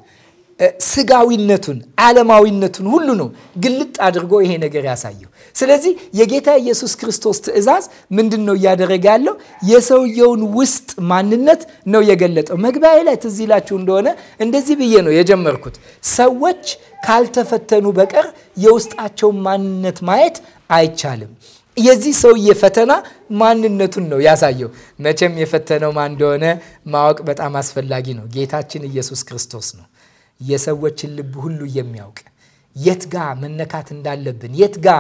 A: ስጋዊነቱን ዓለማዊነቱን ሁሉ ነው ግልጥ አድርጎ ይሄ ነገር ያሳየው። ስለዚህ የጌታ ኢየሱስ ክርስቶስ ትእዛዝ ምንድን ነው እያደረገ ያለው? የሰውየውን ውስጥ ማንነት ነው የገለጠው። መግቢያ ላይ ትዝ ይላችሁ እንደሆነ እንደዚህ ብዬ ነው የጀመርኩት። ሰዎች ካልተፈተኑ በቀር የውስጣቸውን ማንነት ማየት አይቻልም። የዚህ ሰውዬ ፈተና ማንነቱን ነው ያሳየው። መቼም የፈተነው ማን እንደሆነ ማወቅ በጣም አስፈላጊ ነው። ጌታችን ኢየሱስ ክርስቶስ ነው። የሰዎችን ልብ ሁሉ የሚያውቅ የት ጋ መነካት እንዳለብን የት ጋ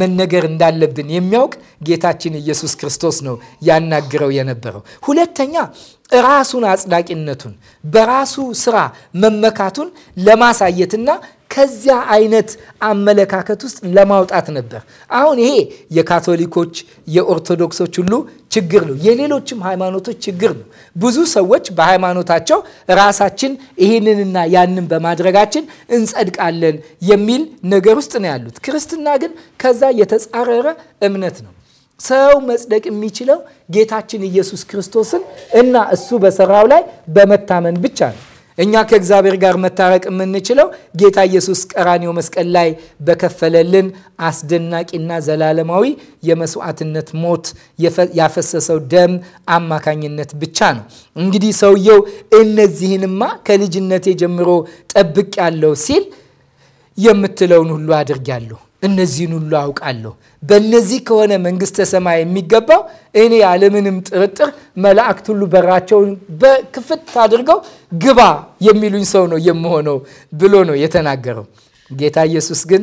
A: መነገር እንዳለብን የሚያውቅ ጌታችን ኢየሱስ ክርስቶስ ነው ያናግረው የነበረው። ሁለተኛ ራሱን አጽዳቂነቱን በራሱ ስራ መመካቱን ለማሳየትና ከዚያ አይነት አመለካከት ውስጥ ለማውጣት ነበር። አሁን ይሄ የካቶሊኮች የኦርቶዶክሶች ሁሉ ችግር ነው። የሌሎችም ሃይማኖቶች ችግር ነው። ብዙ ሰዎች በሃይማኖታቸው ራሳችን ይህንንና ያንን በማድረጋችን እንጸድቃለን የሚል ነገር ውስጥ ነው ያሉት። ክርስትና ግን ከዛ የተጻረረ እምነት ነው። ሰው መጽደቅ የሚችለው ጌታችን ኢየሱስ ክርስቶስን እና እሱ በሰራው ላይ በመታመን ብቻ ነው። እኛ ከእግዚአብሔር ጋር መታረቅ የምንችለው ጌታ ኢየሱስ ቀራንዮ መስቀል ላይ በከፈለልን አስደናቂና ዘላለማዊ የመስዋዕትነት ሞት ያፈሰሰው ደም አማካኝነት ብቻ ነው። እንግዲህ ሰውየው እነዚህንማ ከልጅነቴ ጀምሮ ጠብቅ ያለው ሲል የምትለውን ሁሉ አድርጊያለሁ እነዚህን ሁሉ አውቃለሁ። በእነዚህ ከሆነ መንግስተ ሰማይ የሚገባው እኔ ያለምንም ጥርጥር መላእክት ሁሉ በራቸውን በክፍት አድርገው ግባ የሚሉኝ ሰው ነው የምሆነው ብሎ ነው የተናገረው። ጌታ ኢየሱስ ግን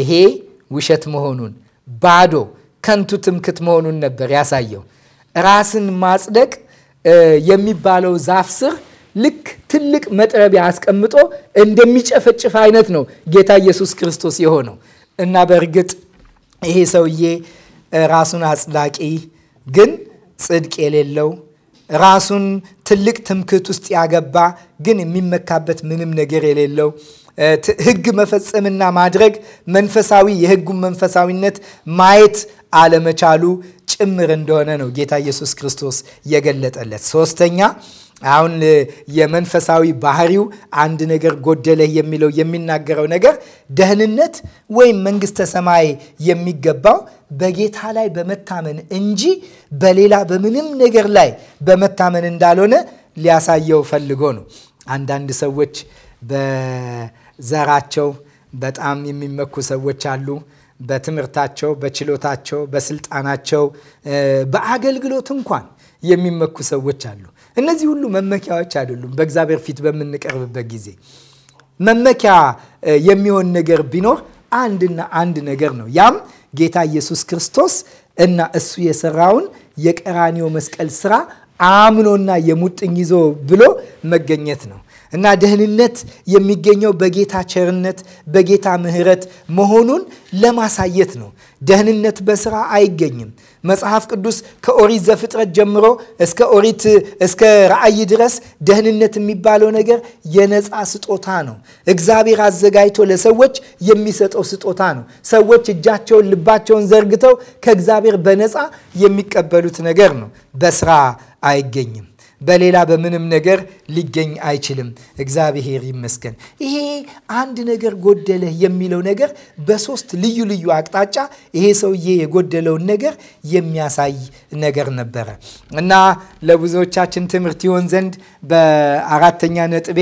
A: ይሄ ውሸት መሆኑን ባዶ ከንቱ ትምክት መሆኑን ነበር ያሳየው። ራስን ማጽደቅ የሚባለው ዛፍ ስር ልክ ትልቅ መጥረቢያ አስቀምጦ እንደሚጨፈጭፍ አይነት ነው ጌታ ኢየሱስ ክርስቶስ የሆነው። እና በእርግጥ ይሄ ሰውዬ ራሱን አጽዳቂ ግን ጽድቅ የሌለው ራሱን ትልቅ ትምክህት ውስጥ ያገባ ግን የሚመካበት ምንም ነገር የሌለው ሕግ መፈጸምና ማድረግ መንፈሳዊ የሕጉን መንፈሳዊነት ማየት አለመቻሉ ጭምር እንደሆነ ነው ጌታ ኢየሱስ ክርስቶስ የገለጠለት። ሶስተኛ አሁን የመንፈሳዊ ባህሪው አንድ ነገር ጎደለህ የሚለው የሚናገረው ነገር ደህንነት ወይም መንግስተ ሰማይ የሚገባው በጌታ ላይ በመታመን እንጂ በሌላ በምንም ነገር ላይ በመታመን እንዳልሆነ ሊያሳየው ፈልጎ ነው። አንዳንድ ሰዎች በዘራቸው በጣም የሚመኩ ሰዎች አሉ። በትምህርታቸው፣ በችሎታቸው፣ በስልጣናቸው፣ በአገልግሎት እንኳን የሚመኩ ሰዎች አሉ። እነዚህ ሁሉ መመኪያዎች አይደሉም። በእግዚአብሔር ፊት በምንቀርብበት ጊዜ መመኪያ የሚሆን ነገር ቢኖር አንድና አንድ ነገር ነው። ያም ጌታ ኢየሱስ ክርስቶስ እና እሱ የሰራውን የቀራኒዮ መስቀል ስራ አምኖና የሙጥኝ ይዞ ብሎ መገኘት ነው። እና ደህንነት የሚገኘው በጌታ ቸርነት በጌታ ምሕረት መሆኑን ለማሳየት ነው። ደህንነት በስራ አይገኝም። መጽሐፍ ቅዱስ ከኦሪት ዘፍጥረት ጀምሮ እስከ ኦሪት እስከ ራእይ ድረስ ደህንነት የሚባለው ነገር የነፃ ስጦታ ነው። እግዚአብሔር አዘጋጅቶ ለሰዎች የሚሰጠው ስጦታ ነው። ሰዎች እጃቸውን፣ ልባቸውን ዘርግተው ከእግዚአብሔር በነፃ የሚቀበሉት ነገር ነው። በስራ አይገኝም። በሌላ በምንም ነገር ሊገኝ አይችልም። እግዚአብሔር ይመስገን። ይሄ አንድ ነገር ጎደለህ የሚለው ነገር በሶስት ልዩ ልዩ አቅጣጫ ይሄ ሰውዬ የጎደለውን ነገር የሚያሳይ ነገር ነበረ እና ለብዙዎቻችን ትምህርት ይሆን ዘንድ በአራተኛ ነጥቤ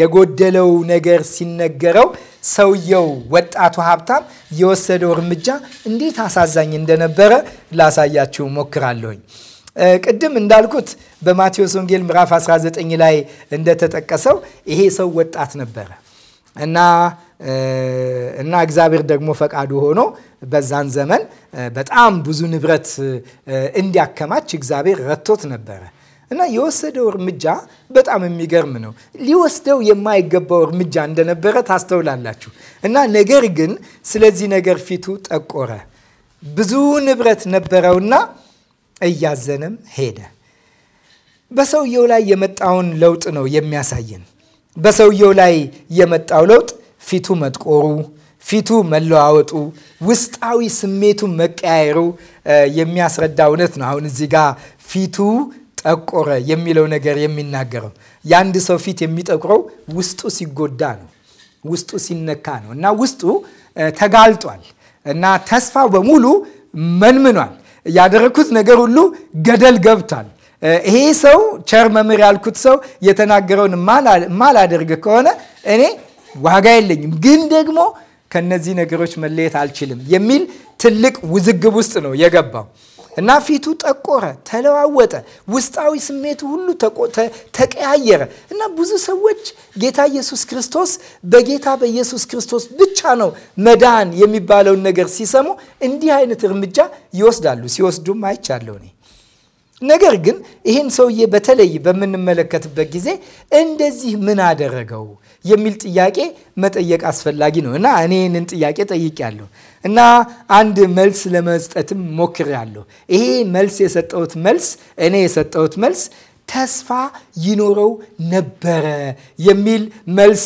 A: የጎደለው ነገር ሲነገረው ሰውየው ወጣቱ ሀብታም የወሰደው እርምጃ እንዴት አሳዛኝ እንደነበረ ላሳያችሁ ሞክራለሁኝ። ቅድም እንዳልኩት በማቴዎስ ወንጌል ምዕራፍ 19 ላይ እንደተጠቀሰው ይሄ ሰው ወጣት ነበረ እና እና እግዚአብሔር ደግሞ ፈቃዱ ሆኖ በዛን ዘመን በጣም ብዙ ንብረት እንዲያከማች እግዚአብሔር ረቶት ነበረ እና የወሰደው እርምጃ በጣም የሚገርም ነው። ሊወስደው የማይገባው እርምጃ እንደነበረ ታስተውላላችሁ። እና ነገር ግን ስለዚህ ነገር ፊቱ ጠቆረ። ብዙ ንብረት ነበረውና እያዘነም ሄደ። በሰውየው ላይ የመጣውን ለውጥ ነው የሚያሳየን። በሰውየው ላይ የመጣው ለውጥ ፊቱ መጥቆሩ፣ ፊቱ መለዋወጡ፣ ውስጣዊ ስሜቱ መቀያየሩ የሚያስረዳ እውነት ነው። አሁን እዚህ ጋር ፊቱ ጠቆረ የሚለው ነገር የሚናገረው የአንድ ሰው ፊት የሚጠቁረው ውስጡ ሲጎዳ ነው፣ ውስጡ ሲነካ ነው እና ውስጡ ተጋልጧል እና ተስፋ በሙሉ መንምኗል። ያደረግኩት ነገር ሁሉ ገደል ገብቷል። ይሄ ሰው ቸር መምህር ያልኩት ሰው የተናገረውን ማላደርግ ከሆነ እኔ ዋጋ የለኝም፣ ግን ደግሞ ከነዚህ ነገሮች መለየት አልችልም የሚል ትልቅ ውዝግብ ውስጥ ነው የገባው። እና ፊቱ ጠቆረ፣ ተለዋወጠ፣ ውስጣዊ ስሜቱ ሁሉ ተቀያየረ እና ብዙ ሰዎች ጌታ ኢየሱስ ክርስቶስ በጌታ በኢየሱስ ክርስቶስ ብቻ ነው መዳን የሚባለውን ነገር ሲሰሙ እንዲህ አይነት እርምጃ ይወስዳሉ። ሲወስዱም አይቻለሁ እኔ ነገር ግን ይህን ሰውዬ በተለይ በምንመለከትበት ጊዜ እንደዚህ ምን አደረገው የሚል ጥያቄ መጠየቅ አስፈላጊ ነው እና እኔ ይህንን ጥያቄ ጠይቄያለሁ እና አንድ መልስ ለመስጠትም ሞክሬያለሁ። ይሄ መልስ የሰጠሁት መልስ እኔ የሰጠሁት መልስ ተስፋ ይኖረው ነበረ የሚል መልስ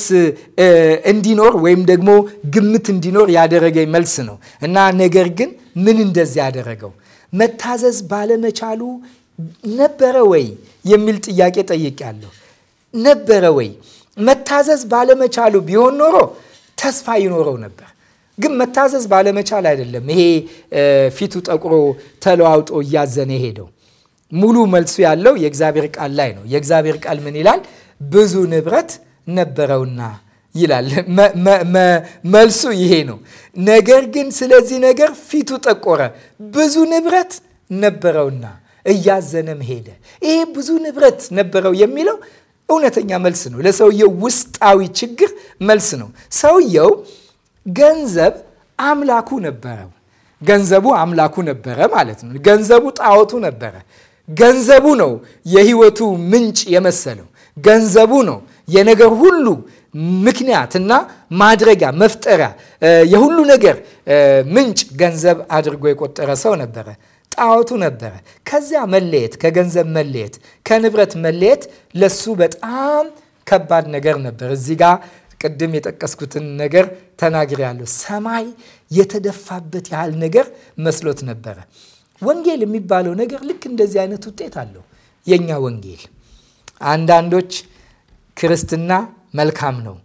A: እንዲኖር ወይም ደግሞ ግምት እንዲኖር ያደረገኝ መልስ ነው እና ነገር ግን ምን እንደዚህ ያደረገው መታዘዝ ባለመቻሉ ነበረ ወይ የሚል ጥያቄ ጠይቄያለሁ። ነበረ ወይ? መታዘዝ ባለመቻሉ ቢሆን ኖሮ ተስፋ ይኖረው ነበር። ግን መታዘዝ ባለመቻል አይደለም። ይሄ ፊቱ ጠቁሮ ተለዋውጦ እያዘነ ሄደው። ሙሉ መልሱ ያለው የእግዚአብሔር ቃል ላይ ነው። የእግዚአብሔር ቃል ምን ይላል? ብዙ ንብረት ነበረውና ይላል። መልሱ ይሄ ነው። ነገር ግን ስለዚህ ነገር ፊቱ ጠቆረ። ብዙ ንብረት ነበረውና እያዘነም ሄደ። ይሄ ብዙ ንብረት ነበረው የሚለው እውነተኛ መልስ ነው። ለሰውየው ውስጣዊ ችግር መልስ ነው። ሰውየው ገንዘብ አምላኩ ነበረው። ገንዘቡ አምላኩ ነበረ ማለት ነው። ገንዘቡ ጣዖቱ ነበረ። ገንዘቡ ነው የህይወቱ ምንጭ የመሰለው። ገንዘቡ ነው የነገር ሁሉ ምክንያትና ማድረጊያ መፍጠሪያ፣ የሁሉ ነገር ምንጭ ገንዘብ አድርጎ የቆጠረ ሰው ነበረ። ጣዖቱ ነበረ። ከዚያ መለየት፣ ከገንዘብ መለየት፣ ከንብረት መለየት ለሱ በጣም ከባድ ነገር ነበር። እዚህ ጋ ቅድም የጠቀስኩትን ነገር ተናግሬያለሁ። ሰማይ የተደፋበት ያህል ነገር መስሎት ነበረ። ወንጌል የሚባለው ነገር ልክ እንደዚህ አይነት ውጤት አለው። የእኛ ወንጌል አንዳንዶች ክርስትና መልካም ነው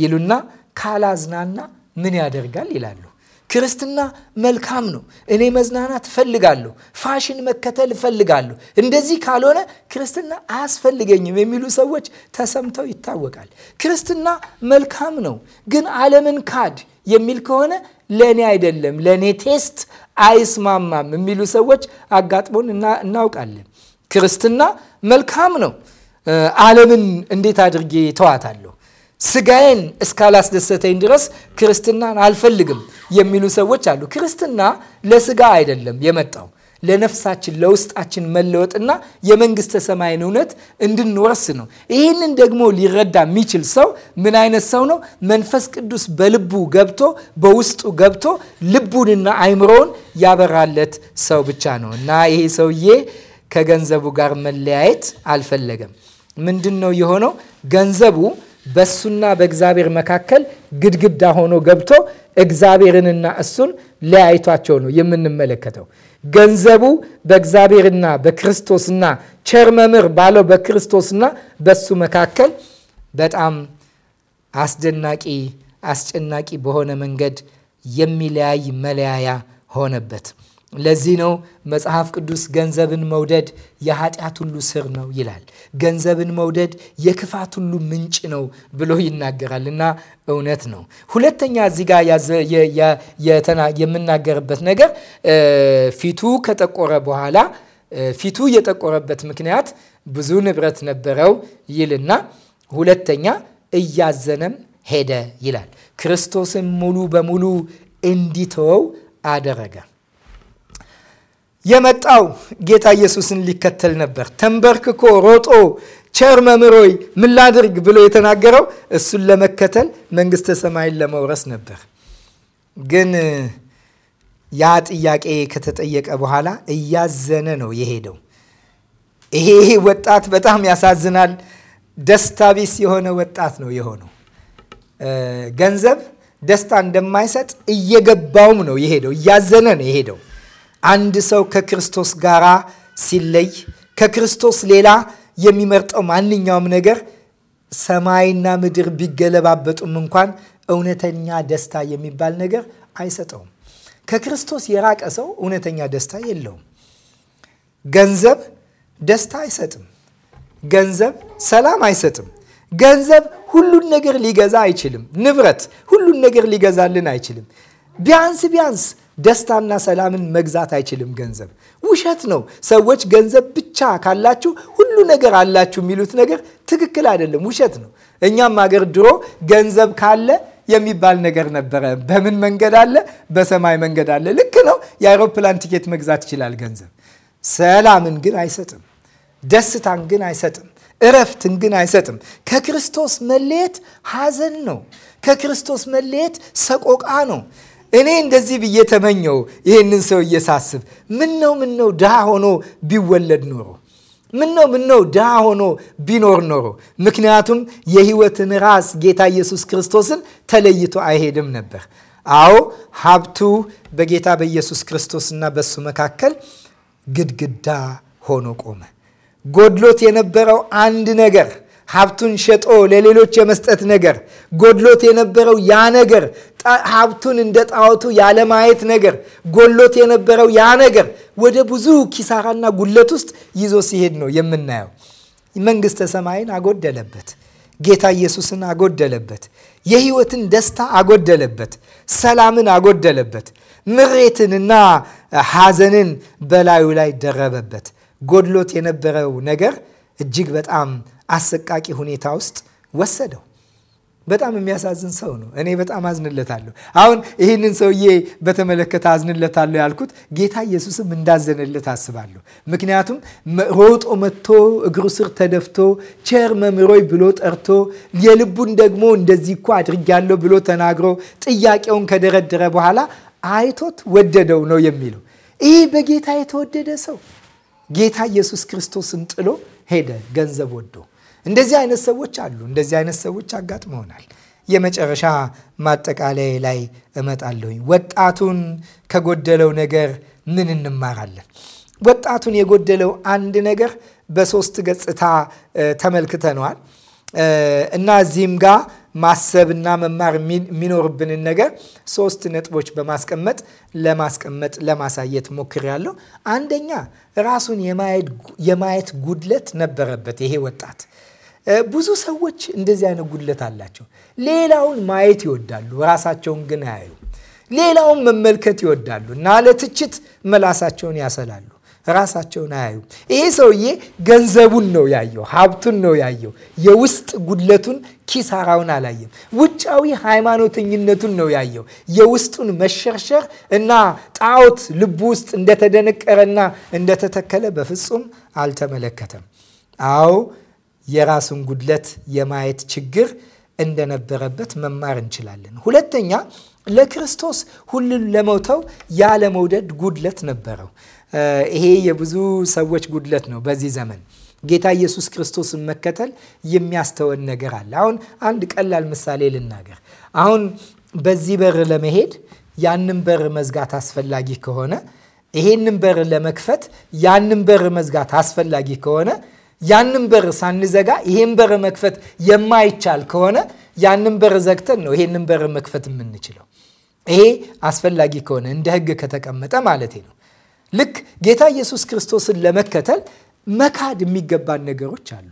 A: ይሉና ካላዝናና ምን ያደርጋል ይላሉ። ክርስትና መልካም ነው። እኔ መዝናናት እፈልጋለሁ፣ ፋሽን መከተል እፈልጋለሁ፣ እንደዚህ ካልሆነ ክርስትና አያስፈልገኝም የሚሉ ሰዎች ተሰምተው ይታወቃል። ክርስትና መልካም ነው፣ ግን ዓለምን ካድ የሚል ከሆነ ለእኔ አይደለም፣ ለእኔ ቴስት አይስማማም የሚሉ ሰዎች አጋጥሞን እናውቃለን። ክርስትና መልካም ነው፣ ዓለምን እንዴት አድርጌ ተዋታለሁ ስጋዬን እስካላስደሰተኝ ድረስ ክርስትናን አልፈልግም የሚሉ ሰዎች አሉ። ክርስትና ለስጋ አይደለም የመጣው ለነፍሳችን ለውስጣችን መለወጥና የመንግስተ ሰማይን እውነት እንድንወርስ ነው። ይህንን ደግሞ ሊረዳ የሚችል ሰው ምን አይነት ሰው ነው? መንፈስ ቅዱስ በልቡ ገብቶ በውስጡ ገብቶ ልቡንና አይምሮውን ያበራለት ሰው ብቻ ነው እና ይሄ ሰውዬ ከገንዘቡ ጋር መለያየት አልፈለገም። ምንድን ነው የሆነው? ገንዘቡ በሱና በእግዚአብሔር መካከል ግድግዳ ሆኖ ገብቶ እግዚአብሔርንና እሱን ለያይቷቸው ነው የምንመለከተው። ገንዘቡ በእግዚአብሔርና በክርስቶስና ቸር መምህር ባለው በክርስቶስና በሱ መካከል በጣም አስደናቂ አስጨናቂ በሆነ መንገድ የሚለያይ መለያያ ሆነበት። ለዚህ ነው መጽሐፍ ቅዱስ ገንዘብን መውደድ የኃጢአት ሁሉ ስር ነው ይላል። ገንዘብን መውደድ የክፋት ሁሉ ምንጭ ነው ብሎ ይናገራል እና እውነት ነው። ሁለተኛ እዚህ ጋር የምናገርበት ነገር ፊቱ ከጠቆረ በኋላ ፊቱ የጠቆረበት ምክንያት ብዙ ንብረት ነበረው ይልና ሁለተኛ እያዘነም ሄደ ይላል። ክርስቶስን ሙሉ በሙሉ እንዲተወው አደረገ። የመጣው ጌታ ኢየሱስን ሊከተል ነበር። ተንበርክኮ ሮጦ ቸር መምሮይ ምን ላድርግ ብሎ የተናገረው እሱን ለመከተል መንግስተ ሰማይን ለመውረስ ነበር። ግን ያ ጥያቄ ከተጠየቀ በኋላ እያዘነ ነው የሄደው። ይሄ ወጣት በጣም ያሳዝናል። ደስታ ቢስ የሆነ ወጣት ነው የሆነው። ገንዘብ ደስታ እንደማይሰጥ እየገባውም ነው የሄደው። እያዘነ ነው የሄደው። አንድ ሰው ከክርስቶስ ጋራ ሲለይ ከክርስቶስ ሌላ የሚመርጠው ማንኛውም ነገር ሰማይና ምድር ቢገለባበጡም እንኳን እውነተኛ ደስታ የሚባል ነገር አይሰጠውም። ከክርስቶስ የራቀ ሰው እውነተኛ ደስታ የለውም። ገንዘብ ደስታ አይሰጥም። ገንዘብ ሰላም አይሰጥም። ገንዘብ ሁሉን ነገር ሊገዛ አይችልም። ንብረት ሁሉን ነገር ሊገዛልን አይችልም። ቢያንስ ቢያንስ ደስታና ሰላምን መግዛት አይችልም ገንዘብ። ውሸት ነው። ሰዎች ገንዘብ ብቻ ካላችሁ ሁሉ ነገር አላችሁ የሚሉት ነገር ትክክል አይደለም፣ ውሸት ነው። እኛም አገር ድሮ ገንዘብ ካለ የሚባል ነገር ነበረ። በምን መንገድ አለ? በሰማይ መንገድ አለ። ልክ ነው። የአውሮፕላን ቲኬት መግዛት ይችላል ገንዘብ። ሰላምን ግን አይሰጥም። ደስታን ግን አይሰጥም። እረፍትን ግን አይሰጥም። ከክርስቶስ መለየት ሐዘን ነው። ከክርስቶስ መለየት ሰቆቃ ነው። እኔ እንደዚህ ብዬ ተመኘው ይህንን ሰው እየሳስብ ምን ነው ድሃ ሆኖ ቢወለድ ኖሮ ምን ነው ድሃ ሆኖ ቢኖር ኖሮ። ምክንያቱም የህይወትን ራስ ጌታ ኢየሱስ ክርስቶስን ተለይቶ አይሄድም ነበር። አዎ ሀብቱ በጌታ በኢየሱስ ክርስቶስና በሱ መካከል ግድግዳ ሆኖ ቆመ። ጎድሎት የነበረው አንድ ነገር ሀብቱን ሸጦ ለሌሎች የመስጠት ነገር፣ ጎድሎት የነበረው ያ ነገር፣ ሀብቱን እንደ ጣዖቱ ያለማየት ነገር፣ ጎድሎት የነበረው ያ ነገር ወደ ብዙ ኪሳራና ጉለት ውስጥ ይዞ ሲሄድ ነው የምናየው። መንግስተ ሰማይን አጎደለበት። ጌታ ኢየሱስን አጎደለበት። የህይወትን ደስታ አጎደለበት። ሰላምን አጎደለበት። ምሬትንና ሐዘንን በላዩ ላይ ደረበበት። ጎድሎት የነበረው ነገር እጅግ በጣም አሰቃቂ ሁኔታ ውስጥ ወሰደው። በጣም የሚያሳዝን ሰው ነው። እኔ በጣም አዝንለታለሁ። አሁን ይህንን ሰውዬ በተመለከተ አዝንለታለሁ ያልኩት ጌታ ኢየሱስም እንዳዘነለት አስባለሁ። ምክንያቱም ሮጦ መጥቶ እግሩ ስር ተደፍቶ ቸር መምሮይ ብሎ ጠርቶ የልቡን ደግሞ እንደዚህ እኮ አድርጊያለሁ ብሎ ተናግሮ ጥያቄውን ከደረደረ በኋላ አይቶት ወደደው ነው የሚለው። ይህ በጌታ የተወደደ ሰው ጌታ ኢየሱስ ክርስቶስን ጥሎ ሄደ ገንዘብ ወዶ እንደዚህ አይነት ሰዎች አሉ። እንደዚህ አይነት ሰዎች አጋጥመውናል። የመጨረሻ ማጠቃለያ ላይ እመጣለሁኝ። ወጣቱን ከጎደለው ነገር ምን እንማራለን? ወጣቱን የጎደለው አንድ ነገር በሶስት ገጽታ ተመልክተነዋል እና እዚህም ጋር ማሰብና መማር የሚኖርብንን ነገር ሶስት ነጥቦች በማስቀመጥ ለማስቀመጥ ለማሳየት ሞክሬያለሁ። አንደኛ ራሱን የማየት ጉድለት ነበረበት ይሄ ወጣት ብዙ ሰዎች እንደዚህ አይነት ጉድለት አላቸው። ሌላውን ማየት ይወዳሉ፣ ራሳቸውን ግን አያዩ። ሌላውን መመልከት ይወዳሉ እና ለትችት መላሳቸውን ያሰላሉ፣ ራሳቸውን አያዩ። ይሄ ሰውዬ ገንዘቡን ነው ያየው፣ ሀብቱን ነው ያየው። የውስጥ ጉድለቱን ኪሳራውን አላየም። ውጫዊ ሃይማኖተኝነቱን ነው ያየው። የውስጡን መሸርሸር እና ጣዖት ልቡ ውስጥ እንደተደነቀረና እንደተተከለ በፍጹም አልተመለከተም። አዎ የራሱን ጉድለት የማየት ችግር እንደነበረበት መማር እንችላለን። ሁለተኛ ለክርስቶስ ሁሉን ለመውተው ያለመውደድ ጉድለት ነበረው። ይሄ የብዙ ሰዎች ጉድለት ነው በዚህ ዘመን ጌታ ኢየሱስ ክርስቶስን መከተል የሚያስተወን ነገር አለ። አሁን አንድ ቀላል ምሳሌ ልናገር። አሁን በዚህ በር ለመሄድ ያንን በር መዝጋት አስፈላጊ ከሆነ፣ ይሄንን በር ለመክፈት ያንን በር መዝጋት አስፈላጊ ከሆነ ያንን በር ሳንዘጋ ይሄን በር መክፈት የማይቻል ከሆነ ያንን በር ዘግተን ነው ይሄንን በር መክፈት የምንችለው። ይሄ አስፈላጊ ከሆነ እንደ ሕግ ከተቀመጠ ማለት ነው። ልክ ጌታ ኢየሱስ ክርስቶስን ለመከተል መካድ የሚገባን ነገሮች አሉ።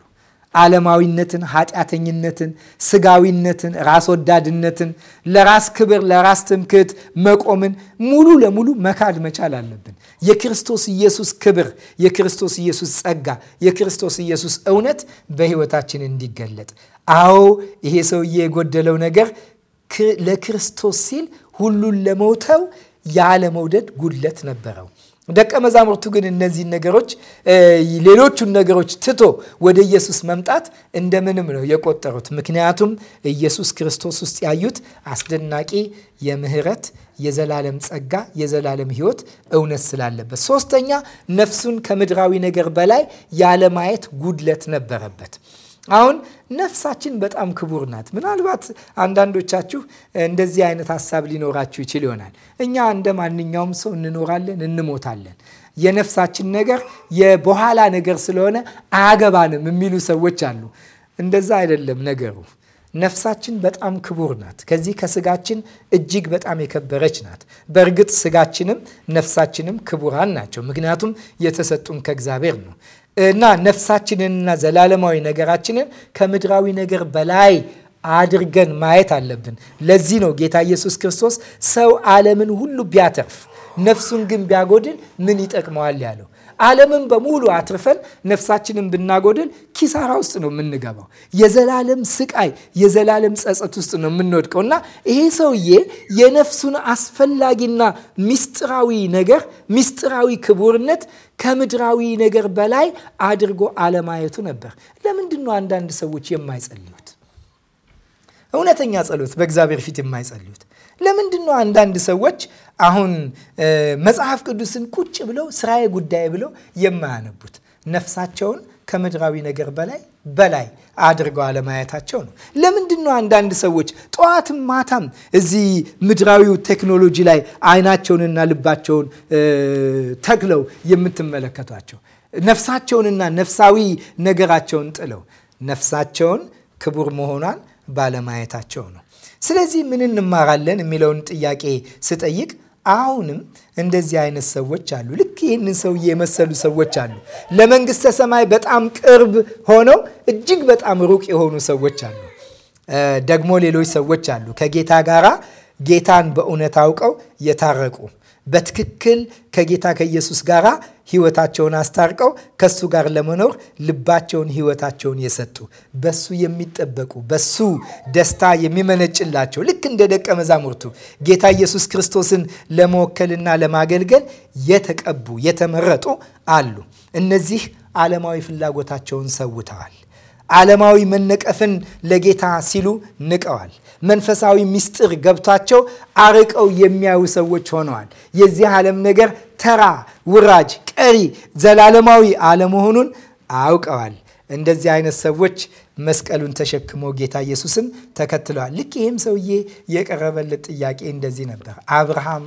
A: ዓለማዊነትን፣ ኃጢአተኝነትን፣ ስጋዊነትን፣ ራስ ወዳድነትን፣ ለራስ ክብር፣ ለራስ ትምክህት መቆምን ሙሉ ለሙሉ መካድ መቻል አለብን። የክርስቶስ ኢየሱስ ክብር፣ የክርስቶስ ኢየሱስ ጸጋ፣ የክርስቶስ ኢየሱስ እውነት በሕይወታችን እንዲገለጥ። አዎ ይሄ ሰውዬ የጎደለው ነገር ለክርስቶስ ሲል ሁሉን ለመውተው ያለመውደድ ጉድለት ነበረው። ደቀ መዛሙርቱ ግን እነዚህን ነገሮች ሌሎቹን ነገሮች ትቶ ወደ ኢየሱስ መምጣት እንደምንም ነው የቆጠሩት። ምክንያቱም ኢየሱስ ክርስቶስ ውስጥ ያዩት አስደናቂ የምህረት የዘላለም ጸጋ፣ የዘላለም ሕይወት እውነት ስላለበት። ሶስተኛ ነፍሱን ከምድራዊ ነገር በላይ ያለማየት ጉድለት ነበረበት። አሁን ነፍሳችን በጣም ክቡር ናት። ምናልባት አንዳንዶቻችሁ እንደዚህ አይነት ሀሳብ ሊኖራችሁ ይችል ይሆናል። እኛ እንደ ማንኛውም ሰው እንኖራለን፣ እንሞታለን። የነፍሳችን ነገር የበኋላ ነገር ስለሆነ አያገባንም የሚሉ ሰዎች አሉ። እንደዛ አይደለም ነገሩ። ነፍሳችን በጣም ክቡር ናት። ከዚህ ከስጋችን እጅግ በጣም የከበረች ናት። በእርግጥ ስጋችንም ነፍሳችንም ክቡራን ናቸው፣ ምክንያቱም የተሰጡን ከእግዚአብሔር ነው። እና ነፍሳችንንና ዘላለማዊ ነገራችንን ከምድራዊ ነገር በላይ አድርገን ማየት አለብን። ለዚህ ነው ጌታ ኢየሱስ ክርስቶስ ሰው ዓለምን ሁሉ ቢያተርፍ ነፍሱን ግን ቢያጎድል ምን ይጠቅመዋል ያለው። ዓለምን በሙሉ አትርፈን ነፍሳችንን ብናጎድል ኪሳራ ውስጥ ነው የምንገባው። የዘላለም ስቃይ፣ የዘላለም ጸጸት ውስጥ ነው የምንወድቀው እና ይሄ ሰውዬ የነፍሱን አስፈላጊና ሚስጥራዊ ነገር ሚስጥራዊ ክቡርነት ከምድራዊ ነገር በላይ አድርጎ አለማየቱ ነበር። ለምንድን ነው አንዳንድ ሰዎች የማይጸልዩት? እውነተኛ ጸሎት በእግዚአብሔር ፊት የማይጸልዩት ለምንድን ነው? አንዳንድ ሰዎች አሁን መጽሐፍ ቅዱስን ቁጭ ብለው ስራዬ ጉዳይ ብለው የማያነቡት ነፍሳቸውን ከምድራዊ ነገር በላይ በላይ አድርገው አለማየታቸው ነው። ለምንድን ነው አንዳንድ ሰዎች ጠዋትም ማታም እዚህ ምድራዊው ቴክኖሎጂ ላይ አይናቸውንና ልባቸውን ተክለው የምትመለከቷቸው? ነፍሳቸውንና ነፍሳዊ ነገራቸውን ጥለው ነፍሳቸውን ክቡር መሆኗን ባለማየታቸው ነው። ስለዚህ ምን እንማራለን የሚለውን ጥያቄ ስጠይቅ አሁንም እንደዚህ አይነት ሰዎች አሉ። ልክ ይህንን ሰውዬ የመሰሉ ሰዎች አሉ። ለመንግስተ ሰማይ በጣም ቅርብ ሆነው እጅግ በጣም ሩቅ የሆኑ ሰዎች አሉ። ደግሞ ሌሎች ሰዎች አሉ ከጌታ ጋራ ጌታን በእውነት አውቀው የታረቁ በትክክል ከጌታ ከኢየሱስ ጋራ ህይወታቸውን አስታርቀው ከሱ ጋር ለመኖር ልባቸውን፣ ህይወታቸውን የሰጡ በሱ የሚጠበቁ በሱ ደስታ የሚመነጭላቸው ልክ እንደ ደቀ መዛሙርቱ ጌታ ኢየሱስ ክርስቶስን ለመወከልና ለማገልገል የተቀቡ የተመረጡ አሉ። እነዚህ ዓለማዊ ፍላጎታቸውን ሰውተዋል። ዓለማዊ መነቀፍን ለጌታ ሲሉ ንቀዋል። መንፈሳዊ ምስጢር ገብቷቸው አርቀው የሚያዩ ሰዎች ሆነዋል። የዚህ ዓለም ነገር ተራ ውራጅ፣ ቀሪ ዘላለማዊ አለመሆኑን አውቀዋል። እንደዚህ አይነት ሰዎች መስቀሉን ተሸክመው ጌታ ኢየሱስን ተከትለዋል። ልክ ይህም ሰውዬ የቀረበለት ጥያቄ እንደዚህ ነበር። አብርሃም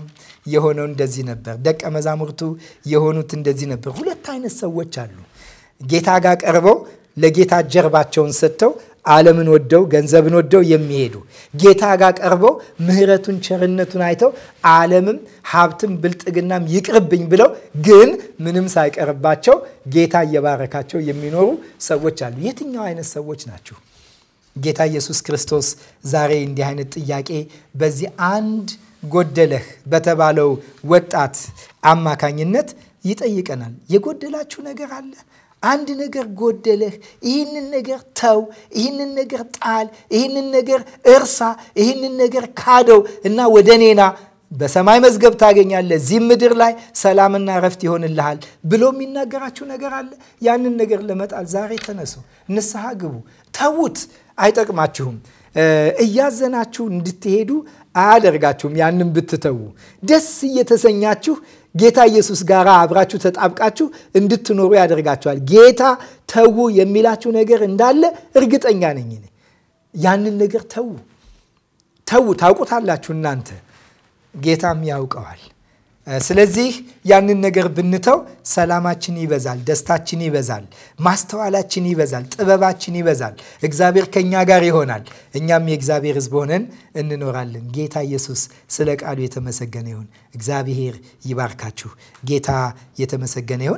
A: የሆነው እንደዚህ ነበር። ደቀ መዛሙርቱ የሆኑት እንደዚህ ነበር። ሁለት አይነት ሰዎች አሉ ጌታ ጋር ቀርበው ለጌታ ጀርባቸውን ሰጥተው ዓለምን ወደው ገንዘብን ወደው የሚሄዱ ጌታ ጋር ቀርበው ምሕረቱን ቸርነቱን አይተው ዓለምም ሀብትም ብልጥግናም ይቅርብኝ ብለው ግን ምንም ሳይቀርባቸው ጌታ እየባረካቸው የሚኖሩ ሰዎች አሉ። የትኛው አይነት ሰዎች ናችሁ? ጌታ ኢየሱስ ክርስቶስ ዛሬ እንዲህ አይነት ጥያቄ በዚህ አንድ ጎደለህ በተባለው ወጣት አማካኝነት ይጠይቀናል። የጎደላችሁ ነገር አለ አንድ ነገር ጎደለህ፣ ይህንን ነገር ተው፣ ይህንን ነገር ጣል፣ ይህንን ነገር እርሳ፣ ይህንን ነገር ካደው እና ወደ እኔና በሰማይ መዝገብ ታገኛለህ፣ እዚህ ምድር ላይ ሰላምና እረፍት ይሆንልሃል ብሎ የሚናገራችሁ ነገር አለ። ያንን ነገር ለመጣል ዛሬ ተነሱ፣ ንስሐ ግቡ፣ ተዉት። አይጠቅማችሁም። እያዘናችሁ እንድትሄዱ አያደርጋችሁም። ያንን ብትተዉ ደስ እየተሰኛችሁ ጌታ ኢየሱስ ጋር አብራችሁ ተጣብቃችሁ እንድትኖሩ ያደርጋችኋል። ጌታ ተዉ የሚላችሁ ነገር እንዳለ እርግጠኛ ነኝ። ያንን ነገር ተዉ ተዉ። ታውቁታላችሁ እናንተ ጌታም ያውቀዋል። ስለዚህ ያንን ነገር ብንተው ሰላማችን ይበዛል፣ ደስታችን ይበዛል፣ ማስተዋላችን ይበዛል፣ ጥበባችን ይበዛል። እግዚአብሔር ከእኛ ጋር ይሆናል፣ እኛም የእግዚአብሔር ሕዝብ ሆነን እንኖራለን። ጌታ ኢየሱስ ስለ ቃሉ የተመሰገነ ይሁን። እግዚአብሔር ይባርካችሁ። ጌታ የተመሰገነ ይሁን።